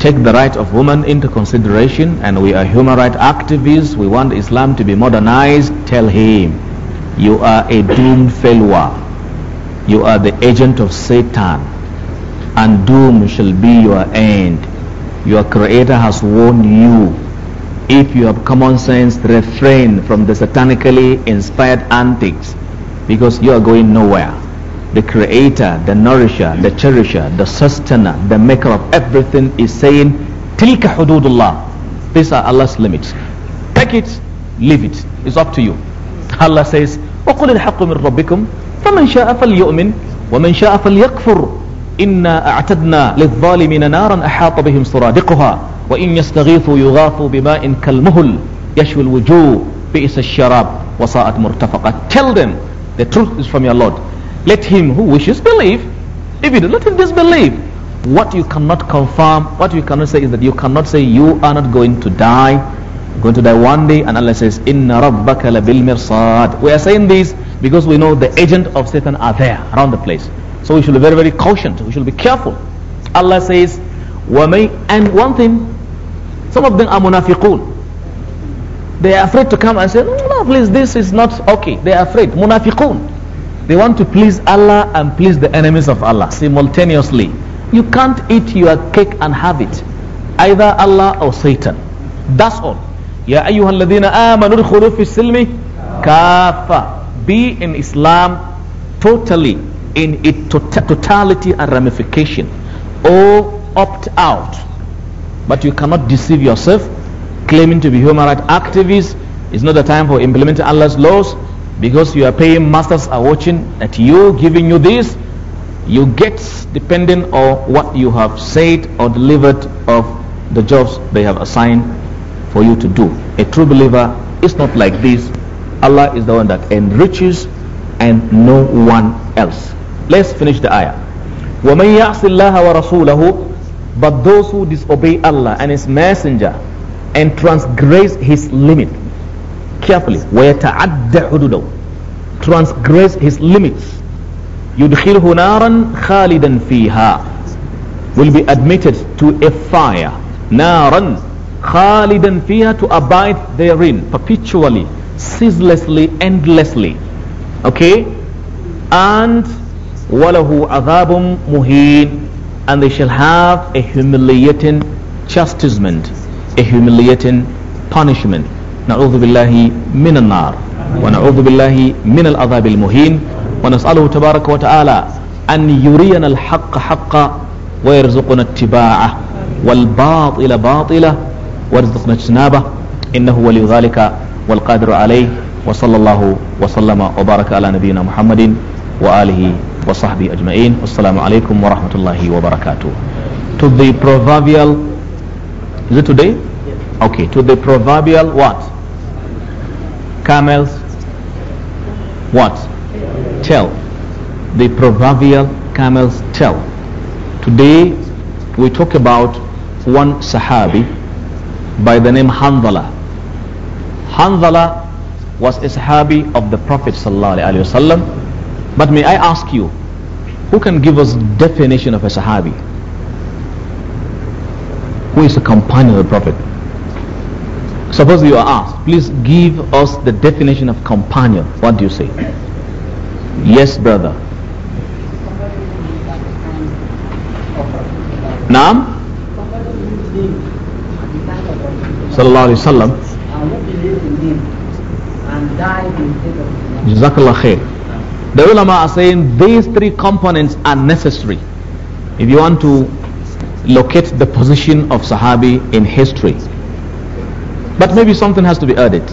take the right of woman into consideration and we are human rights activists we want Islam to be modernized tell him you are a doomed failure. You are the agent of Satan, and doom shall be your end. Your Creator has warned you. If you have common sense, refrain from the satanically inspired antics because you are going nowhere. The Creator, the Nourisher, the Cherisher, the Sustainer, the Maker of everything is saying, Tilka hududullah. These are Allah's limits. Take it, leave it. It's up to you. Allah says, وَقُلِ الْحَقُّ مِنْ رَبِّكُمْ فَمَنْ شَاءَ فَلْيُؤْمِنْ وَمَنْ شَاءَ فَلْيَكْفُرْ إِنَّا أَعْتَدْنَا لِلظَّالِمِينَ نَارًا أَحَاطَ بِهِمْ سُرَادِقُهَا وَإِنْ يَسْتَغِيثُوا يُغَاثُوا بِمَاءٍ كَالْمُهُلِ يَشْوِي الْوُجُوهِ بِئْسَ الشَّرَابُ وَسَاءَتْ مرتفقة Tell them, the truth is from your Lord. Let him who wishes believe. If you do, let him disbelieve. What you cannot confirm, what you cannot say is that you cannot say you are not going to die going to die one day and Allah says inna rabbaka labil mirsad we are saying this because we know the agent of Satan are there around the place so we should be very very cautious we should be careful Allah says وَمَي and one thing some of them are munafiqun they are afraid to come and say no, no please this is not okay they are afraid munafiqun they want to please Allah and please the enemies of Allah simultaneously you can't eat your cake and have it either Allah or Satan that's all Ya ayyuhal ladina amanu khulu fi silmi Be in Islam totally, in its tota-, totality and ramification. Or opt out. But you cannot deceive yourself claiming to be human rights activists. It's not the time for implementing Allah's laws because you are paying masters are watching at you, giving you this. You get depending on what you have said or delivered of the jobs they have assigned for you to do. A true believer is not like this. Allah is the one that enriches and no one else. Let's finish the ayah. وَمَنْ يَعْصِ اللَّهَ وَرَسُولَهُ But those who disobey Allah and His Messenger and transgress His limit carefully وَيَتَعَدَّ حُدُودَهُ transgress His limits يُدْخِلْهُ نَارًا خَالِدًا فِيهَا will be admitted to a fire نَارًا خالدا فيها to abide therein perpetually ceaselessly endlessly okay and وله عذاب مهين and they shall have a humiliating chastisement a humiliating punishment نعوذ بالله من النار ونعوذ بالله من العذاب المهين ونسأله تبارك وتعالى أن يرينا الحق حقا ويرزقنا اتباعه والباطل باطله وارزقنا اجتنابه إنه ولي ذلك والقادر عليه وصلى الله وسلم وبارك على نبينا محمد وآله وصحبه أجمعين والسلام عليكم ورحمة الله وبركاته To the proverbial Is it today? Okay, to the proverbial what? Camels what? Tell. The proverbial camels tell. Today we talk about one Sahabi by the name Handala. Handala was a Sahabi of the Prophet ﷺ. But may I ask you, who can give us definition of a Sahabi? Who is a companion of the Prophet? Suppose you are asked, please give us the definition of companion. What do you say? Yes, brother. Naam? sallallahu alayhi wa sallam. Jazakallah khair. The ulama are saying these three components are necessary if you want to locate the position of Sahabi in history. But maybe something has to be added.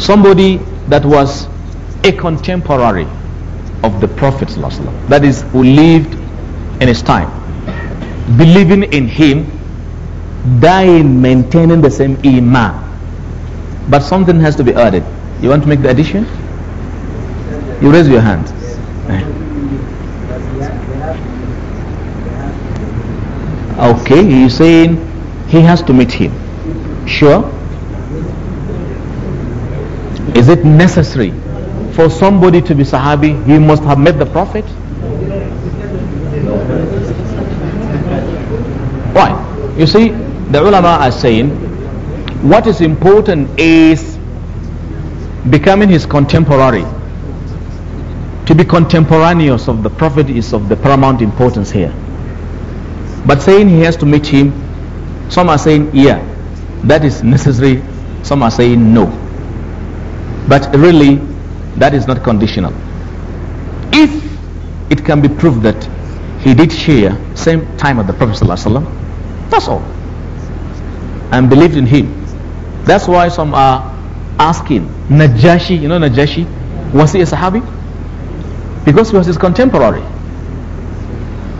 Somebody that was a contemporary of the Prophet that is who lived in his time, believing in him dying maintaining the same iman. But something has to be added. You want to make the addition? You raise your hand. Okay, he's saying he has to meet him. Sure? Is it necessary for somebody to be Sahabi? He must have met the Prophet? Why? You see, the ulama are saying what is important is becoming his contemporary. To be contemporaneous of the Prophet is of the paramount importance here. But saying he has to meet him, some are saying, yeah, that is necessary. Some are saying no. But really, that is not conditional. If it can be proved that he did share same time as the Prophet that's all and believed in him. That's why some are asking Najashi, you know Najashi, was he a Sahabi? Because he was his contemporary.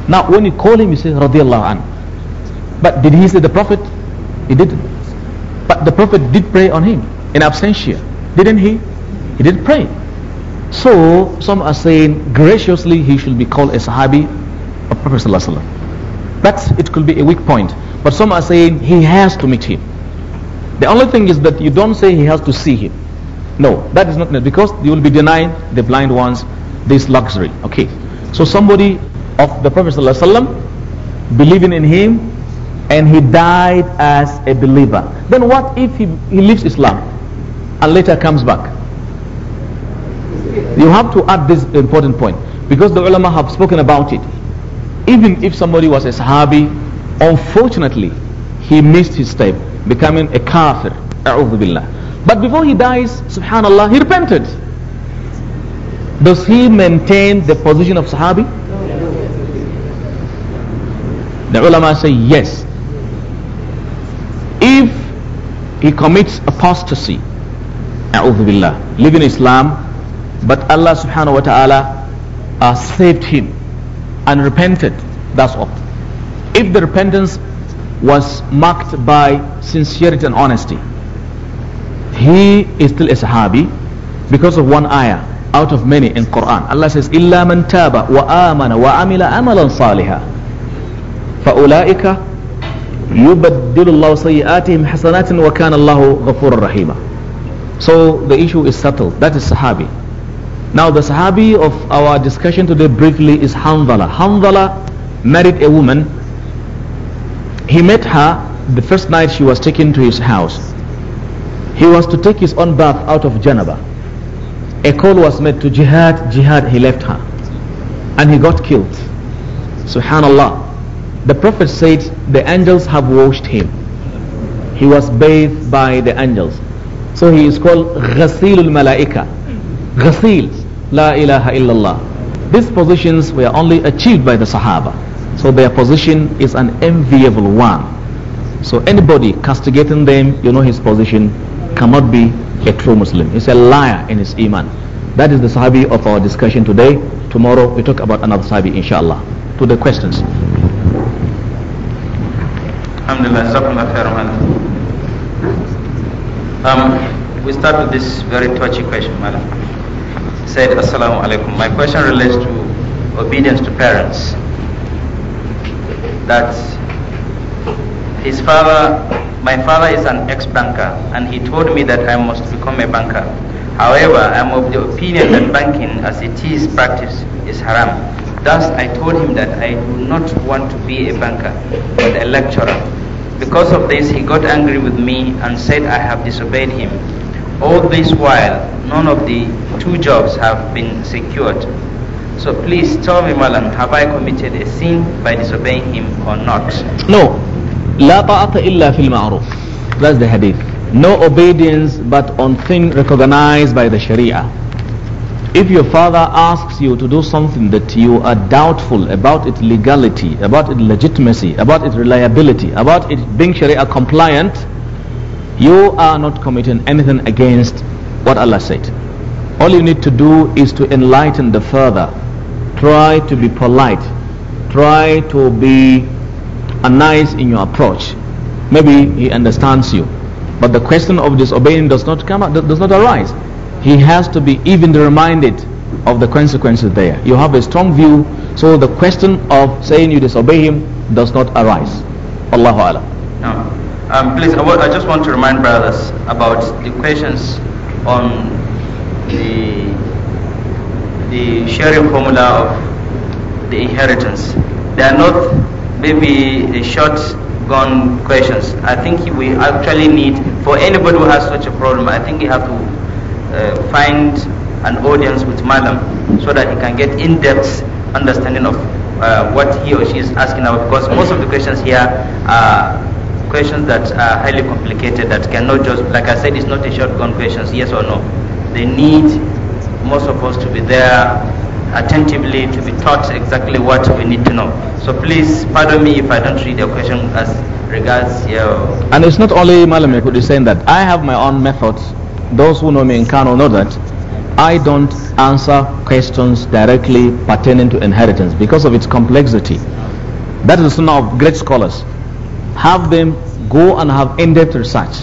Now when you call him you say radiallahu an. But did he say the Prophet? He didn't. But the Prophet did pray on him in absentia. Didn't he? He did pray. So some are saying graciously he should be called a Sahabi of Prophet Sallallahu Alaihi Wasallam. But it could be a weak point. But some are saying he has to meet him. The only thing is that you don't say he has to see him. No, that is not because you will be denying the blind ones this luxury. Okay. So somebody of the Prophet ﷺ believing in him and he died as a believer. Then what if he, he leaves Islam and later comes back? You have to add this important point because the ulama have spoken about it even if somebody was a Sahabi, unfortunately, he missed his step, becoming a kafir, But before he dies, subhanallah, he repented. Does he maintain the position of Sahabi? The ulama say yes. If he commits apostasy, a'udhu leaving Islam, but Allah subhanahu wa ta'ala uh, saved him and repented. That's all. If the repentance was marked by sincerity and honesty, he is still a Sahabi because of one ayah out of many in Quran. Allah says, إِلَّا مَنْ تَابَ وَآمَنَ وَعَمِلَ أَمَلًا صَالِحًا فَأُولَٰئِكَ يُبَدِّلُ اللَّهُ سَيِّئَاتِهِمْ wa kana Allahu غَفُورًا رَحِيمًا So the issue is settled. That is Sahabi. Now the Sahabi of our discussion today briefly is Hanzala. Hanzala married a woman. He met her the first night she was taken to his house. He was to take his own bath out of Janaba. A call was made to jihad, jihad, he left her. And he got killed. Subhanallah. The Prophet said the angels have washed him. He was bathed by the angels. So he is called Ghasilul Malaika. Ghasil La ilaha illallah. These positions were only achieved by the Sahaba. So their position is an enviable one. So anybody castigating them, you know his position cannot be a true Muslim. He's a liar in his iman. That is the Sahabi of our discussion today. Tomorrow we talk about another Sahabi, inshallah. To the questions. Um, we start with this very touchy question, madam said, Assalamu alaikum. My question relates to obedience to parents. That his father, my father is an ex-banker and he told me that I must become a banker. However, I'm of the opinion that banking as it is practiced is haram. Thus, I told him that I do not want to be a banker, but a lecturer. Because of this, he got angry with me and said I have disobeyed him all this while, none of the two jobs have been secured. So please tell me, Malam, have I committed a sin by disobeying him or not? No. لا طاعة إلا في المعروف. That's the hadith. No obedience but on thing recognized by the Sharia. If your father asks you to do something that you are doubtful about its legality, about its legitimacy, about its reliability, about it being Sharia compliant, you are not committing anything against what Allah said. All you need to do is to enlighten the further. Try to be polite. Try to be nice in your approach. Maybe he understands you. But the question of disobeying does not come up, does not arise. He has to be even reminded of the consequences there. You have a strong view, so the question of saying you disobey him does not arise. Allahu Alam. No. Um, please, I, just want to remind brothers about the questions on the the sharing formula of the inheritance. They are not maybe short gone questions. I think we actually need for anybody who has such a problem. I think you have to uh, find an audience with Malam so that he can get in-depth understanding of uh, what he or she is asking about. Because most of the questions here are questions that are highly complicated that cannot just, like I said, it's not a shotgun questions, yes or no. They need most of us to be there attentively to be taught exactly what we need to know. So please pardon me if I don't read your question as regards your... And it's not only Malam Yakud is saying that. I have my own methods. Those who know me in Kano know that. I don't answer questions directly pertaining to inheritance because of its complexity. That is the sunnah of great scholars have them go and have in-depth research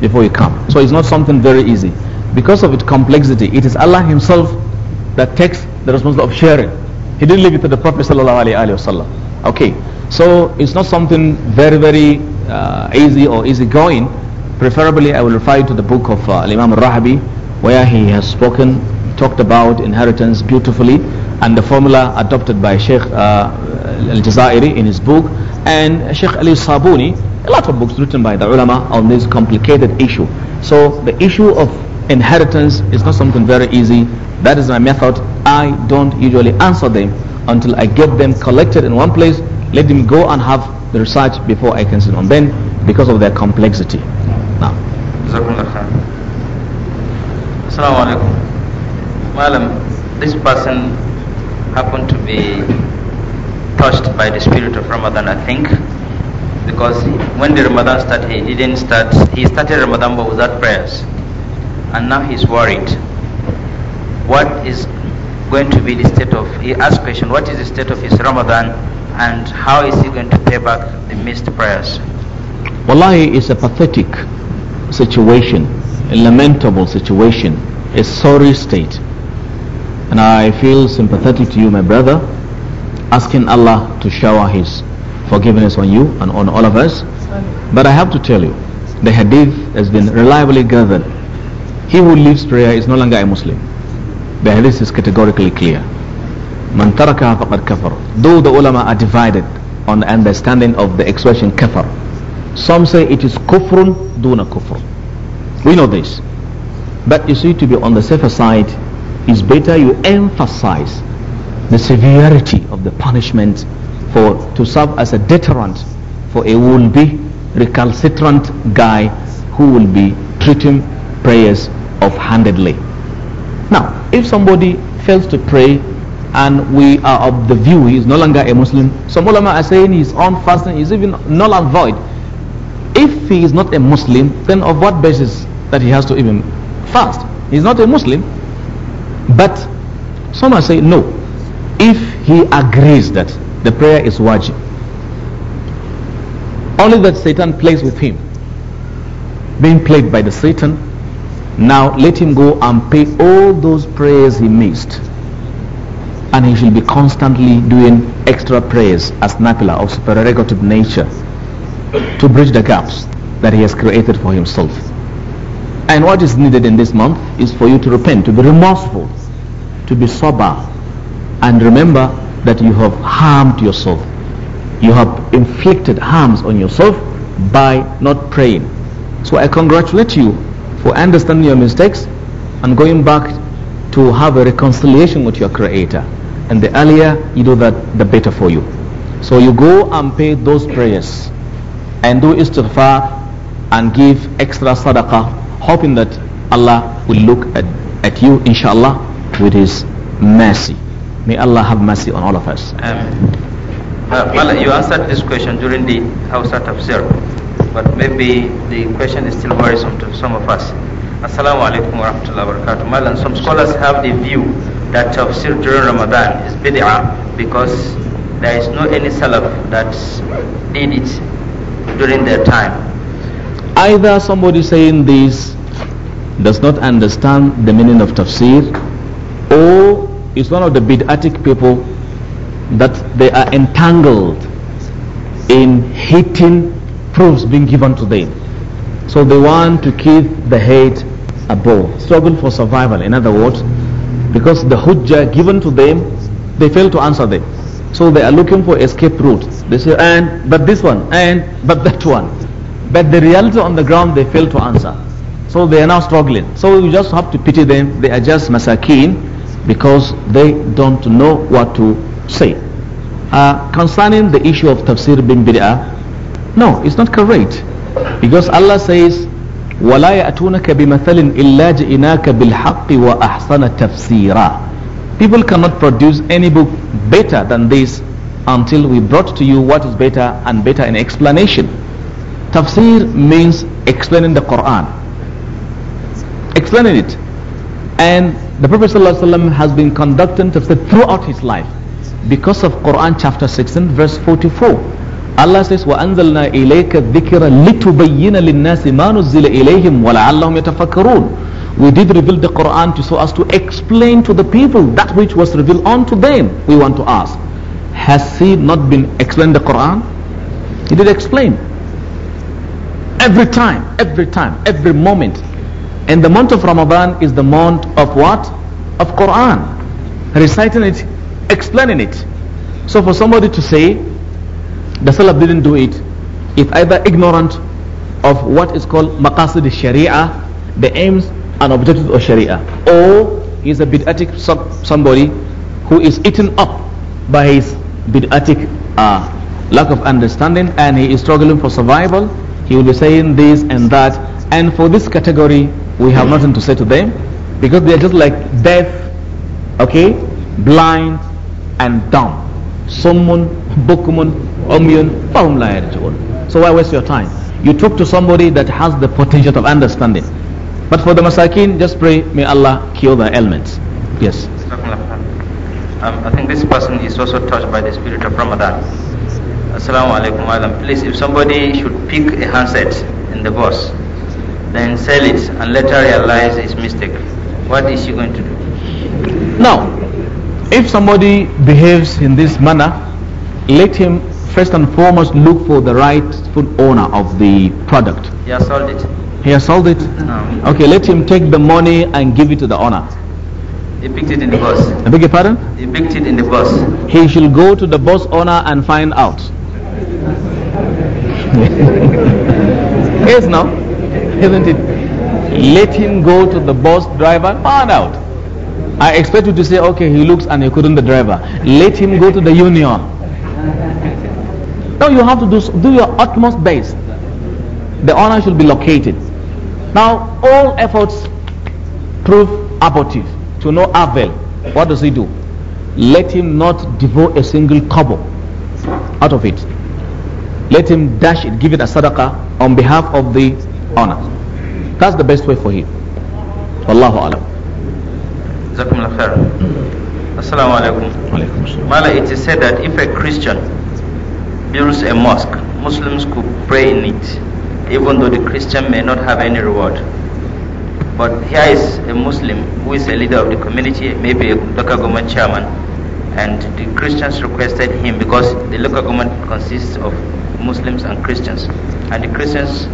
before you come. So it's not something very easy. Because of its complexity, it is Allah Himself that takes the responsibility of sharing. He didn't leave it to the Prophet sallallahu alaihi wasallam. Okay, so it's not something very very uh, easy or easy going. Preferably, I will refer you to the book of uh, Imam Rahabi, where he has spoken, talked about inheritance beautifully and the formula adopted by Sheikh uh, Al-Jazairi in his book and Sheikh Ali Sabuni a lot of books written by the ulama on this complicated issue so the issue of inheritance is not something very easy that is my method I don't usually answer them until I get them collected in one place let them go and have the research before I can sit on them because of their complexity now Assalamu alaikum this person Happened to be touched by the spirit of Ramadan, I think, because when the Ramadan started, he didn't start, he started Ramadan but without prayers. And now he's worried. What is going to be the state of, he asked question, what is the state of his Ramadan and how is he going to pay back the missed prayers? Wallahi is a pathetic situation, a lamentable situation, a sorry state. And I feel sympathetic to you, my brother, asking Allah to shower His forgiveness on you and on all of us. But I have to tell you, the hadith has been reliably gathered. He who leaves prayer is no longer a Muslim. The hadith is categorically clear. Man tarakaha faqad kafar. Though the ulama are divided on the understanding of the expression kafar. Some say it is kufrun duna kufr. We know this. But you see, to be on the safer side, it's better you emphasize the severity of the punishment for to serve as a deterrent for a will-be recalcitrant guy who will be treating prayers off-handedly. Now, if somebody fails to pray and we are of the view he is no longer a Muslim, some ulama are saying his own fasting is even null and void. If he is not a Muslim, then of what basis that he has to even fast? He's not a Muslim. But some are saying no. If he agrees that the prayer is wajib, only that Satan plays with him, being played by the Satan, now let him go and pay all those prayers he missed. And he shall be constantly doing extra prayers as Napila of supererogative nature to bridge the gaps that he has created for himself. And what is needed in this month is for you to repent, to be remorseful, to be sober, and remember that you have harmed yourself. You have inflicted harms on yourself by not praying. So I congratulate you for understanding your mistakes and going back to have a reconciliation with your Creator. And the earlier you do that, the better for you. So you go and pay those prayers and do istighfar and give extra sadaqah hoping that Allah will look at, at you, inshallah, with His mercy. May Allah have mercy on all of us. Uh, you answered this question during the of Tafsir, but maybe the question is still worrisome to some of us. Assalamu alaikum wa rahmatullahi wa barakatuh. some scholars have the view that Tafsir during Ramadan is bid'ah because there is no any Salaf that did it during their time. Either somebody saying this does not understand the meaning of tafsir or is one of the bid'atic people that they are entangled in hating proofs being given to them. So they want to keep the hate above. Struggle for survival, in other words, because the hujjah given to them, they fail to answer them. So they are looking for escape routes. They say, and, but this one, and, but that one. But the reality on the ground, they fail to answer. So they are now struggling. So we just have to pity them. They are just masakin because they don't know what to say. Uh, concerning the issue of tafsir bin bid'ah, no, it's not correct. Because Allah says, وَلَا يَأْتُونَكَ بِمَثَلٍ إِلَّا جِئِنَاكَ بِالْحَقِّ وَأَحْسَنَ تَفْسِيرًا People cannot produce any book better than this until we brought to you what is better and better in explanation. Tafsir means explaining the Quran. Explaining it. And the Prophet ﷺ has been conducting tafsir throughout his life because of Quran chapter 16 verse 44. Allah says, وَأَنزَلْنَا إِلَيْكَ الذِّكْرَ لِتُبَيِّنَ لِلنَّاسِ مَا نُزِّلَ إِلَيْهِمْ وَلَعَلَّهُمْ يَتَفَكَّرُونَ We did reveal the Quran to, so as to explain to the people that which was revealed unto them. We want to ask, has he not been explained the Quran? He did explain. Every time, every time, every moment. And the month of Ramadan is the month of what? Of Quran. Reciting it, explaining it. So for somebody to say, the Salaf didn't do it, is either ignorant of what is called maqasid sharia the aims and objectives of sharia or he is a bid'atic somebody who is eaten up by his bid'atic uh, lack of understanding and he is struggling for survival he will be saying this and that. And for this category, we have nothing to say to them because they are just like deaf, okay, blind, and dumb. Someone, bukmun, Omion, So why waste your time? You talk to somebody that has the potential of understanding. But for the masakin, just pray, may Allah cure their ailments. Yes. Um, I think this person is also touched by the spirit of Ramadan. Assalamu alaikum madam. Please, if somebody should pick a handset in the bus, then sell it and later realize his mistake, what is he going to do? Now, if somebody behaves in this manner, let him first and foremost look for the rightful owner of the product. He has sold it. He has sold it? No. Okay, let him take the money and give it to the owner. He picked it in the bus. I beg your pardon? He picked it in the bus. He should go to the bus owner and find out. yes, now, isn't it? Let him go to the bus driver, find out. I expect you to say, okay, he looks and he couldn't the driver. Let him go to the union. Now you have to do, do your utmost best. The honor should be located. Now, all efforts prove abortive, to no avail. What does he do? Let him not devote a single cobble out of it let him dash it, give it a sadaqah on behalf of the honor. That's the best way for him. Wallahu alam. Jazakumullah khair. Assalamu alaikum. Mala, it is said that if a Christian builds a mosque, Muslims could pray in it, even though the Christian may not have any reward. But here is a Muslim who is a leader of the community, maybe a government chairman, and the Christians requested him because the local government consists of Muslims and Christians, and the Christians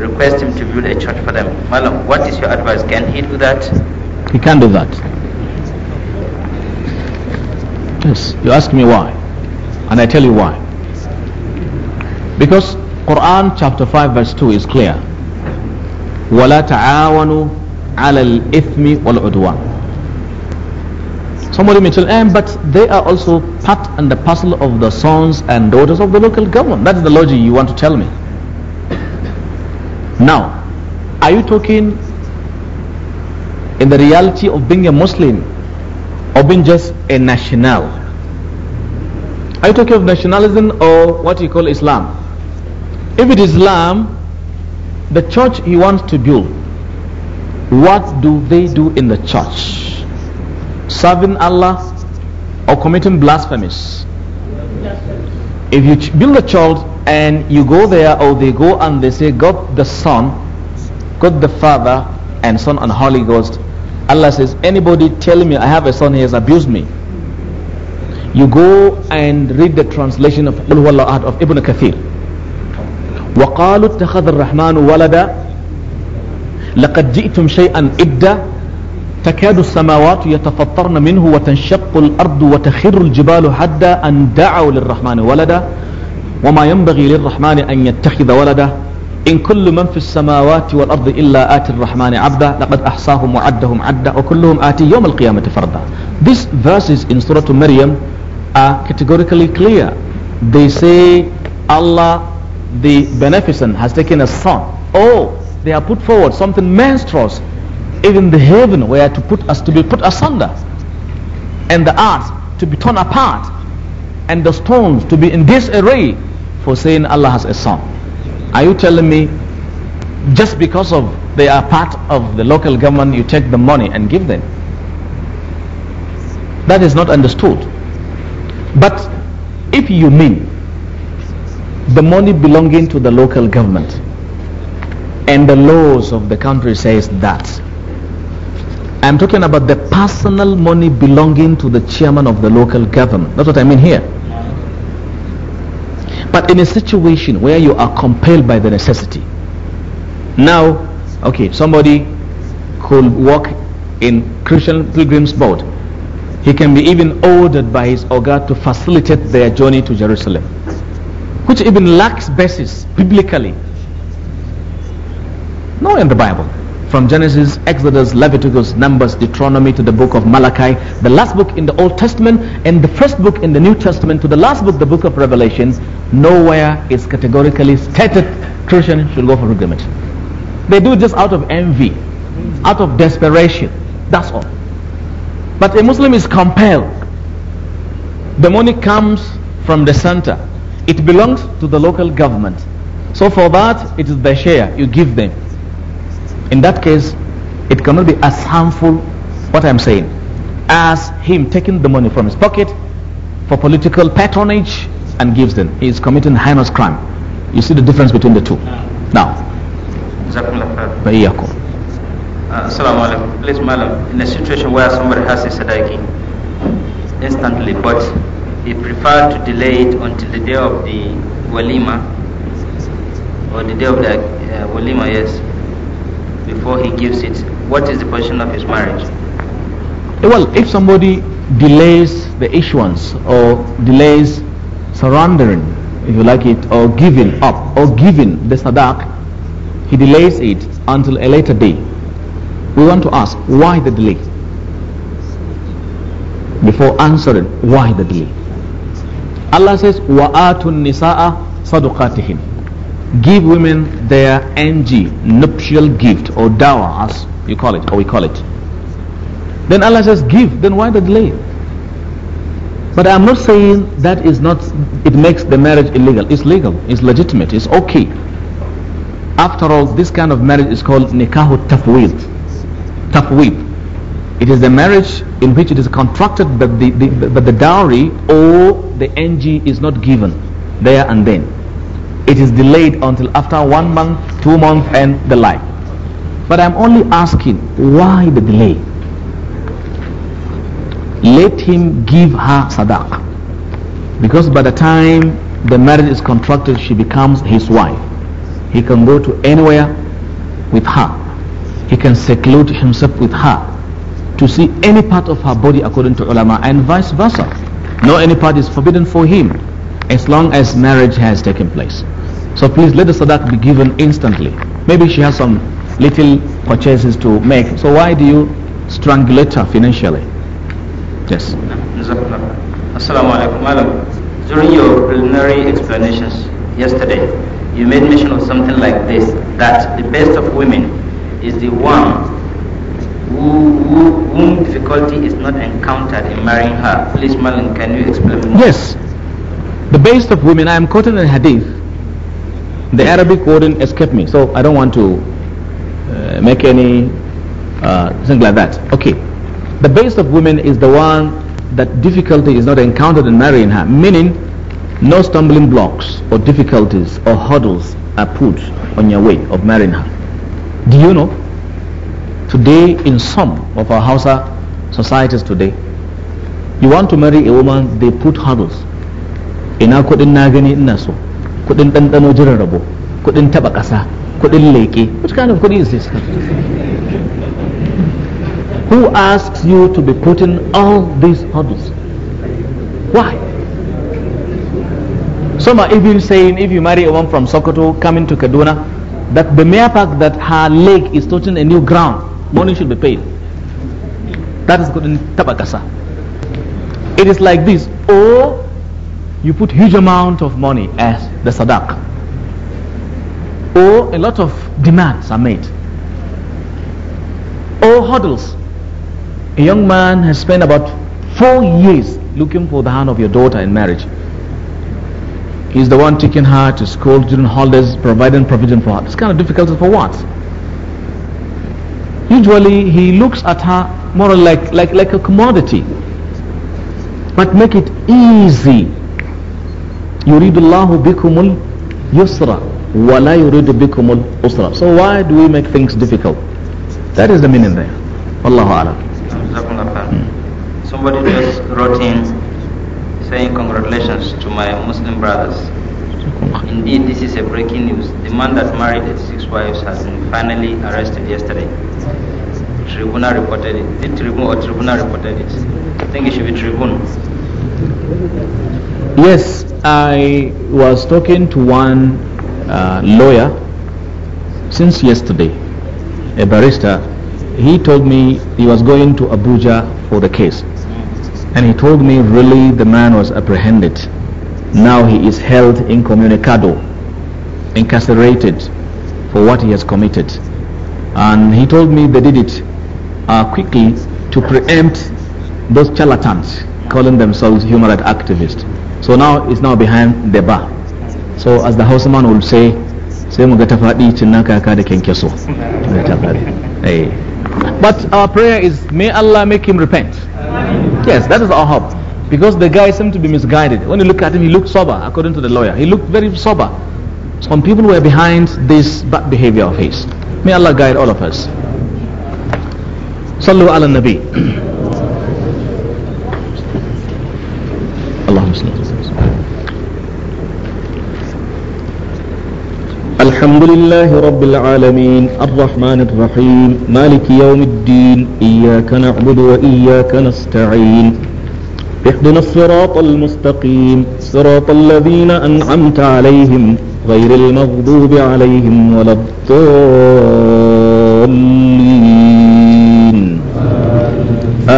request him to build a church for them. Malam, what is your advice? Can he do that? He can do that. Yes, you ask me why, and I tell you why. Because Quran chapter 5 verse 2 is clear. وَلَا تَعَاوَنُوا عَلَى الْإِثْمِ وَالْعُدْوَانِ Somebody may tell, eh, but they are also part and the parcel of the sons and daughters of the local government. That's the logic you want to tell me. Now, are you talking in the reality of being a Muslim or being just a national? Are you talking of nationalism or what you call Islam? If it is Islam, the church he wants to build, what do they do in the church? serving Allah, or committing blasphemies. If you build a child and you go there or they go and they say, God the Son, God the Father, and Son and Holy Ghost, Allah says, anybody telling me I have a son, he has abused me. You go and read the translation of Qul Ahad of Ibn Kathir. وقالوا اتخذ الرحمن ولدا لقد جئتم شيئا إدا تكاد السماوات يتفطرن منه وتنشق الأرض وتخر الجبال حتى أن دعوا للرحمن ولدا وما ينبغي للرحمن أن يتخذ ولدا إن كل من في السماوات والأرض إلا آتي الرحمن عبدا لقد أحصاهم وعدهم عدا وكلهم آتي يوم القيامة فردا This verses in Surah Maryam are uh, categorically clear. They say Allah the Beneficent has taken a son. Oh, they have put forward something monstrous even the heaven were to put us to be put asunder, and the earth to be torn apart, and the stones to be in disarray for saying Allah has a son. Are you telling me just because of they are part of the local government, you take the money and give them? That is not understood. But if you mean the money belonging to the local government and the laws of the country says that I'm talking about the personal money belonging to the chairman of the local government. That's what I mean here. But in a situation where you are compelled by the necessity, now, okay, somebody could work in Christian Pilgrims Board. He can be even ordered by his ogar to facilitate their journey to Jerusalem, which even lacks basis biblically. No, in the Bible from Genesis, Exodus, Leviticus, Numbers, Deuteronomy to the book of Malachi, the last book in the Old Testament and the first book in the New Testament to the last book, the book of Revelation, nowhere is categorically stated Christian should go for pilgrimage. They do it just out of envy, out of desperation. That's all. But a Muslim is compelled. The money comes from the center. It belongs to the local government. So for that, it is their share. You give them in that case it cannot be as harmful what I'm saying as him taking the money from his pocket for political patronage and gives them. He is committing heinous crime. You see the difference between the two. Now. Uh, assalamu alaikum. Please, madam, in a situation where somebody has a sadaqi instantly, but he preferred to delay it until the day of the walima or the day of the uh, walima, yes, before he gives it, what is the position of his marriage? Eh, well, if somebody delays the issuance or delays surrendering, if you like it, or giving up or giving the sadaq, he delays it until a later day. We want to ask why the delay? Before answering, why the delay? Allah says, atun nisa'a صَدُقَاتِهِنَّ give women their NG, nuptial gift or dower as you call it or we call it. Then Allah says give, then why the delay? But I'm not saying that is not, it makes the marriage illegal. It's legal, it's legitimate, it's okay. After all, this kind of marriage is called nikahu tafweed. Tafweed. It is the marriage in which it is contracted but the, the, but the dowry or the NG is not given there and then it is delayed until after one month, two months, and the like. But I'm only asking, why the delay? Let him give her sadaq. Because by the time the marriage is contracted, she becomes his wife. He can go to anywhere with her. He can seclude himself with her to see any part of her body according to ulama and vice versa. No any part is forbidden for him as long as marriage has taken place. So please let the sadaq be given instantly. Maybe she has some little purchases to make. So why do you strangulate her financially? Yes. Assalamu alaikum. Madam, during your preliminary explanations yesterday, you made mention of something like this, that the best of women is the one who, who, whom difficulty is not encountered in marrying her. Please, Malan, can you explain more? Yes the best of women, I am quoting a hadith. The Arabic wording escaped me, so I don't want to uh, make any uh, thing like that. Okay. The best of women is the one that difficulty is not encountered in marrying her, meaning no stumbling blocks or difficulties or hurdles are put on your way of marrying her. Do you know? Today, in some of our Hausa societies today, you want to marry a woman, they put hurdles ina kudin na gani ina so kudin ɗanɗano jiran rabo kuɗin taɓa ƙasa kudin leƙe which kind of kuɗi is this who asks you to be putting all these hurdles why some are even saying if you marry a woman from Sokoto coming to Kaduna that the mere fact that her leg is touching a new ground money should be paid that is kudin taɓa ƙasa it is like this or you put huge amount of money as the sadak, Or a lot of demands are made. Or hurdles. A young man has spent about four years looking for the hand of your daughter in marriage. He's the one taking her to school during holidays, providing provision for her. It's kind of difficult for what? Usually he looks at her more like, like, like a commodity. But make it easy يريد الله بكم اليسر ولا يريد بكم الأسرة so why do we make things difficult that is the meaning there والله أعلم hmm. somebody just wrote in saying congratulations to my Muslim brothers Indeed, this is a breaking news. The man that married his six wives has been finally arrested yesterday. Tribuna reported it. The Tribuna or Tribunal reported it. I think it should be Tribune. Yes, I was talking to one uh, lawyer since yesterday, a barrister. He told me he was going to Abuja for the case. And he told me really the man was apprehended. Now he is held incommunicado, incarcerated for what he has committed. And he told me they did it uh, quickly to preempt those charlatans calling themselves human rights activists so now it's now behind the bar so as the houseman will say sai mu ga ta faɗi cin kaka da kyankyaso eh. but our prayer is may Allah make him repent yes that is our hope because the guy seemed to be misguided when you look at him he looked sober according to the lawyer he looked very sober some people were behind this bad behavior of his may Allah guide all of us صلوا على nabi اللهم صل الحمد لله رب العالمين الرحمن الرحيم مالك يوم الدين إياك نعبد وإياك نستعين اهدنا الصراط المستقيم صراط الذين أنعمت عليهم غير المغضوب عليهم ولا الضالين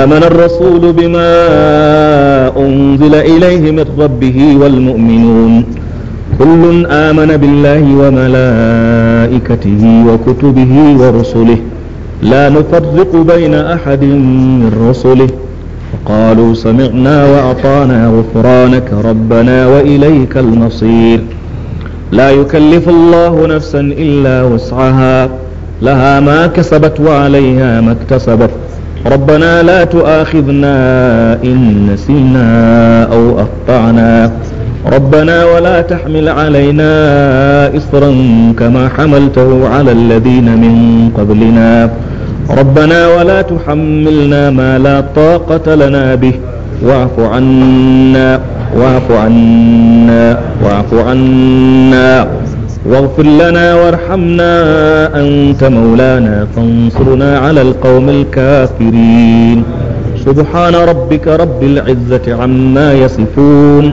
آمن الرسول بما أنزل إليه من ربه والمؤمنون كل آمن بالله وملائكته وكتبه ورسله لا نفرق بين أحد من رسله قالوا سمعنا وأطعنا غفرانك ربنا وإليك المصير لا يكلف الله نفسا إلا وسعها لها ما كسبت وعليها ما اكتسبت ربنا لا تؤاخذنا إن نسينا أو أخطأنا ربنا ولا تحمل علينا إصرا كما حملته على الذين من قبلنا ربنا ولا تحملنا ما لا طاقة لنا به واعف عنا واعف عنا واعف عنا واغفر لنا وارحمنا أنت مولانا فانصرنا على القوم الكافرين سبحان ربك رب العزة عما يصفون